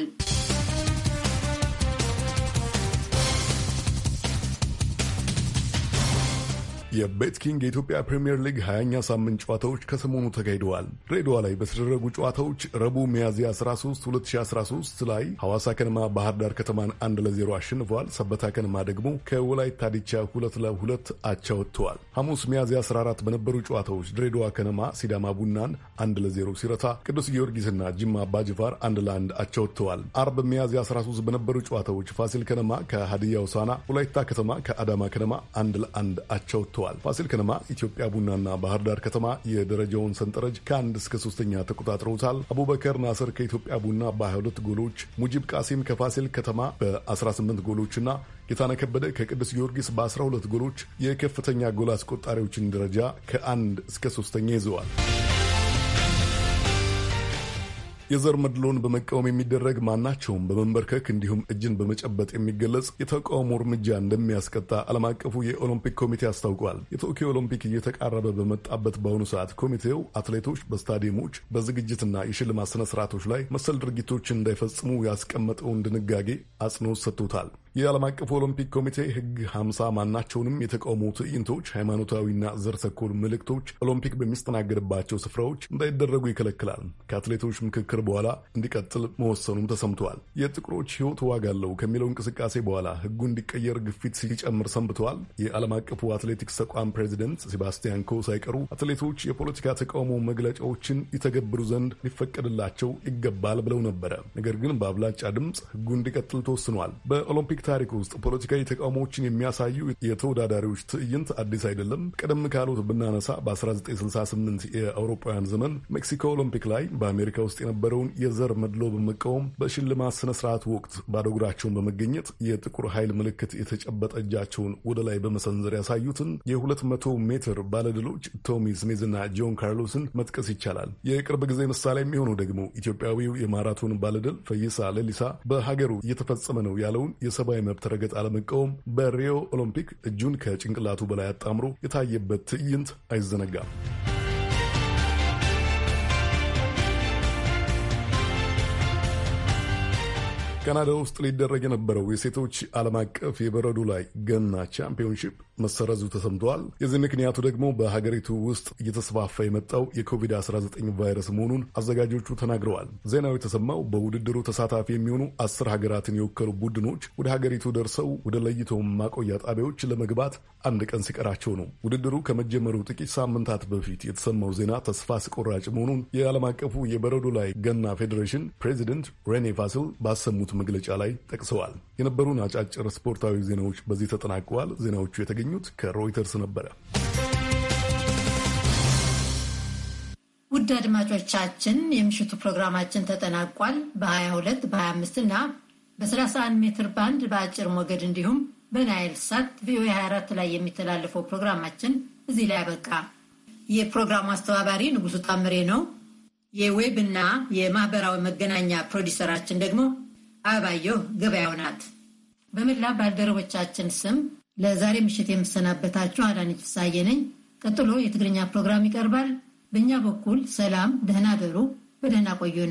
የቤት ኪንግ የኢትዮጵያ ፕሪምየር ሊግ 20ኛ ሳምንት ጨዋታዎች ከሰሞኑ ተካሂደዋል። ድሬዳዋ ላይ በተደረጉ ጨዋታዎች ረቡዕ ሚያዝያ 13 2013 ላይ ሐዋሳ ከነማ ባህር ዳር ከተማን አንድ ለዜሮ አሸንፈዋል። ሰበታ ከነማ ደግሞ ከወላይታ ዲቻ 2 ለሁለት አቻ ወጥተዋል። ሐሙስ ሚያዝያ 14 በነበሩ ጨዋታዎች ድሬዳዋ ከነማ ሲዳማ ቡናን 1 ለ ለዜሮ ሲረታ፣ ቅዱስ ጊዮርጊስና ጅማ አባጅፋር አንድ ለአንድ አቻ ወጥተዋል። አርብ ሚያዝያ 13 በነበሩ ጨዋታዎች ፋሲል ከነማ ከሀዲያ ውሳና፣ ወላይታ ከተማ ከአዳማ ከነማ አንድ ለአንድ አቻ ወጥተዋል። ተለያይተዋል። ፋሲል ከነማ፣ ኢትዮጵያ ቡናና ባህር ዳር ከተማ የደረጃውን ሰንጠረዥ ከአንድ እስከ ሶስተኛ ተቆጣጥረውታል። አቡበከር ናስር ከኢትዮጵያ ቡና በ22 ጎሎች፣ ሙጂብ ቃሲም ከፋሲል ከተማ በ18 ጎሎችና ጌታነ ከበደ ከቅዱስ ጊዮርጊስ በ12 ጎሎች የከፍተኛ ጎል አስቆጣሪዎችን ደረጃ ከአንድ እስከ ሶስተኛ ይዘዋል። የዘር መድሎን በመቃወም የሚደረግ ማናቸውም በመንበርከክ እንዲሁም እጅን በመጨበጥ የሚገለጽ የተቃውሞ እርምጃ እንደሚያስቀጣ ዓለም አቀፉ የኦሎምፒክ ኮሚቴ አስታውቋል። የቶኪዮ ኦሎምፒክ እየተቃረበ በመጣበት በአሁኑ ሰዓት ኮሚቴው አትሌቶች በስታዲየሞች በዝግጅትና የሽልማት ስነ ስርዓቶች ላይ መሰል ድርጊቶች እንዳይፈጽሙ ያስቀመጠውን ድንጋጌ አጽንኦት ሰጥቶታል። የዓለም አቀፉ ኦሎምፒክ ኮሚቴ ሕግ 50 ማናቸውንም የተቃውሞ ትዕይንቶች፣ ሃይማኖታዊና ዘር ተኮር ምልክቶች ኦሎምፒክ በሚስተናገድባቸው ስፍራዎች እንዳይደረጉ ይከለክላል። ከአትሌቶች ምክክር በኋላ እንዲቀጥል መወሰኑም ተሰምተዋል። የጥቁሮች ሕይወት ዋጋ አለው ከሚለው እንቅስቃሴ በኋላ ሕጉ እንዲቀየር ግፊት ሲጨምር ሰንብተዋል። የዓለም አቀፉ አትሌቲክስ ተቋም ፕሬዚደንት ሴባስቲያን ኮ ሳይቀሩ አትሌቶች የፖለቲካ ተቃውሞ መግለጫዎችን ይተገብሩ ዘንድ ሊፈቀድላቸው ይገባል ብለው ነበረ። ነገር ግን በአብላጫ ድምፅ ሕጉ እንዲቀጥል ተወስኗል። በኦሎምፒክ ታሪክ ውስጥ ፖለቲካዊ ተቃውሞዎችን የሚያሳዩ የተወዳዳሪዎች ትዕይንት አዲስ አይደለም። ቀደም ካሉት ብናነሳ በ1968 የአውሮፓውያን ዘመን ሜክሲኮ ኦሎምፒክ ላይ በአሜሪካ ውስጥ የነበ የነበረውን የዘር መድሎ በመቃወም በሽልማት ስነ ስርዓት ወቅት ባዶ እግራቸውን በመገኘት የጥቁር ኃይል ምልክት የተጨበጠ እጃቸውን ወደ ላይ በመሰንዘር ያሳዩትን የ200 ሜትር ባለድሎች ቶሚ ስሜዝና ጆን ካርሎስን መጥቀስ ይቻላል። የቅርብ ጊዜ ምሳሌ የሚሆነው ደግሞ ኢትዮጵያዊው የማራቶን ባለድል ፈይሳ ሌሊሳ በሀገሩ እየተፈጸመ ነው ያለውን የሰብአዊ መብት ረገጥ አለመቃወም በሪዮ ኦሎምፒክ እጁን ከጭንቅላቱ በላይ አጣምሮ የታየበት ትዕይንት አይዘነጋም። ካናዳ ውስጥ ሊደረግ የነበረው የሴቶች ዓለም አቀፍ የበረዶ ላይ ገና ቻምፒዮንሺፕ መሰረዙ ተሰምተዋል። የዚህ ምክንያቱ ደግሞ በሀገሪቱ ውስጥ እየተስፋፋ የመጣው የኮቪድ-19 ቫይረስ መሆኑን አዘጋጆቹ ተናግረዋል። ዜናው የተሰማው በውድድሩ ተሳታፊ የሚሆኑ አስር ሀገራትን የወከሉ ቡድኖች ወደ ሀገሪቱ ደርሰው ወደ ለይቶ ማቆያ ጣቢያዎች ለመግባት አንድ ቀን ሲቀራቸው ነው። ውድድሩ ከመጀመሩ ጥቂት ሳምንታት በፊት የተሰማው ዜና ተስፋ አስቆራጭ መሆኑን የዓለም አቀፉ የበረዶ ላይ ገና ፌዴሬሽን ፕሬዚደንት ሬኔ ፋሲል ባሰሙት መግለጫ ላይ ጠቅሰዋል። የነበሩን አጫጭር ስፖርታዊ ዜናዎች በዚህ ተጠናቀዋል። ዜናዎቹ የተገ ያገኙት ከሮይተርስ ነበረ። ውድ አድማጮቻችን የምሽቱ ፕሮግራማችን ተጠናቋል። በ22 በ25 እና በ31 ሜትር ባንድ በአጭር ሞገድ እንዲሁም በናይል ሳት ቪኦኤ 24 ላይ የሚተላለፈው ፕሮግራማችን እዚህ ላይ አበቃ። የፕሮግራሙ አስተባባሪ ንጉሱ ታምሬ ነው። የዌብ እና የማህበራዊ መገናኛ ፕሮዲሰራችን ደግሞ አበባየሁ ገበያው ናት። በመላ ባልደረቦቻችን ስም ለዛሬ ምሽት የምሰናበታችሁ አዳነች ፍስሐዬ ነኝ። ቀጥሎ የትግርኛ ፕሮግራም ይቀርባል። በእኛ በኩል ሰላም፣ ደህና ደሩ፣ በደህና ቆዩ።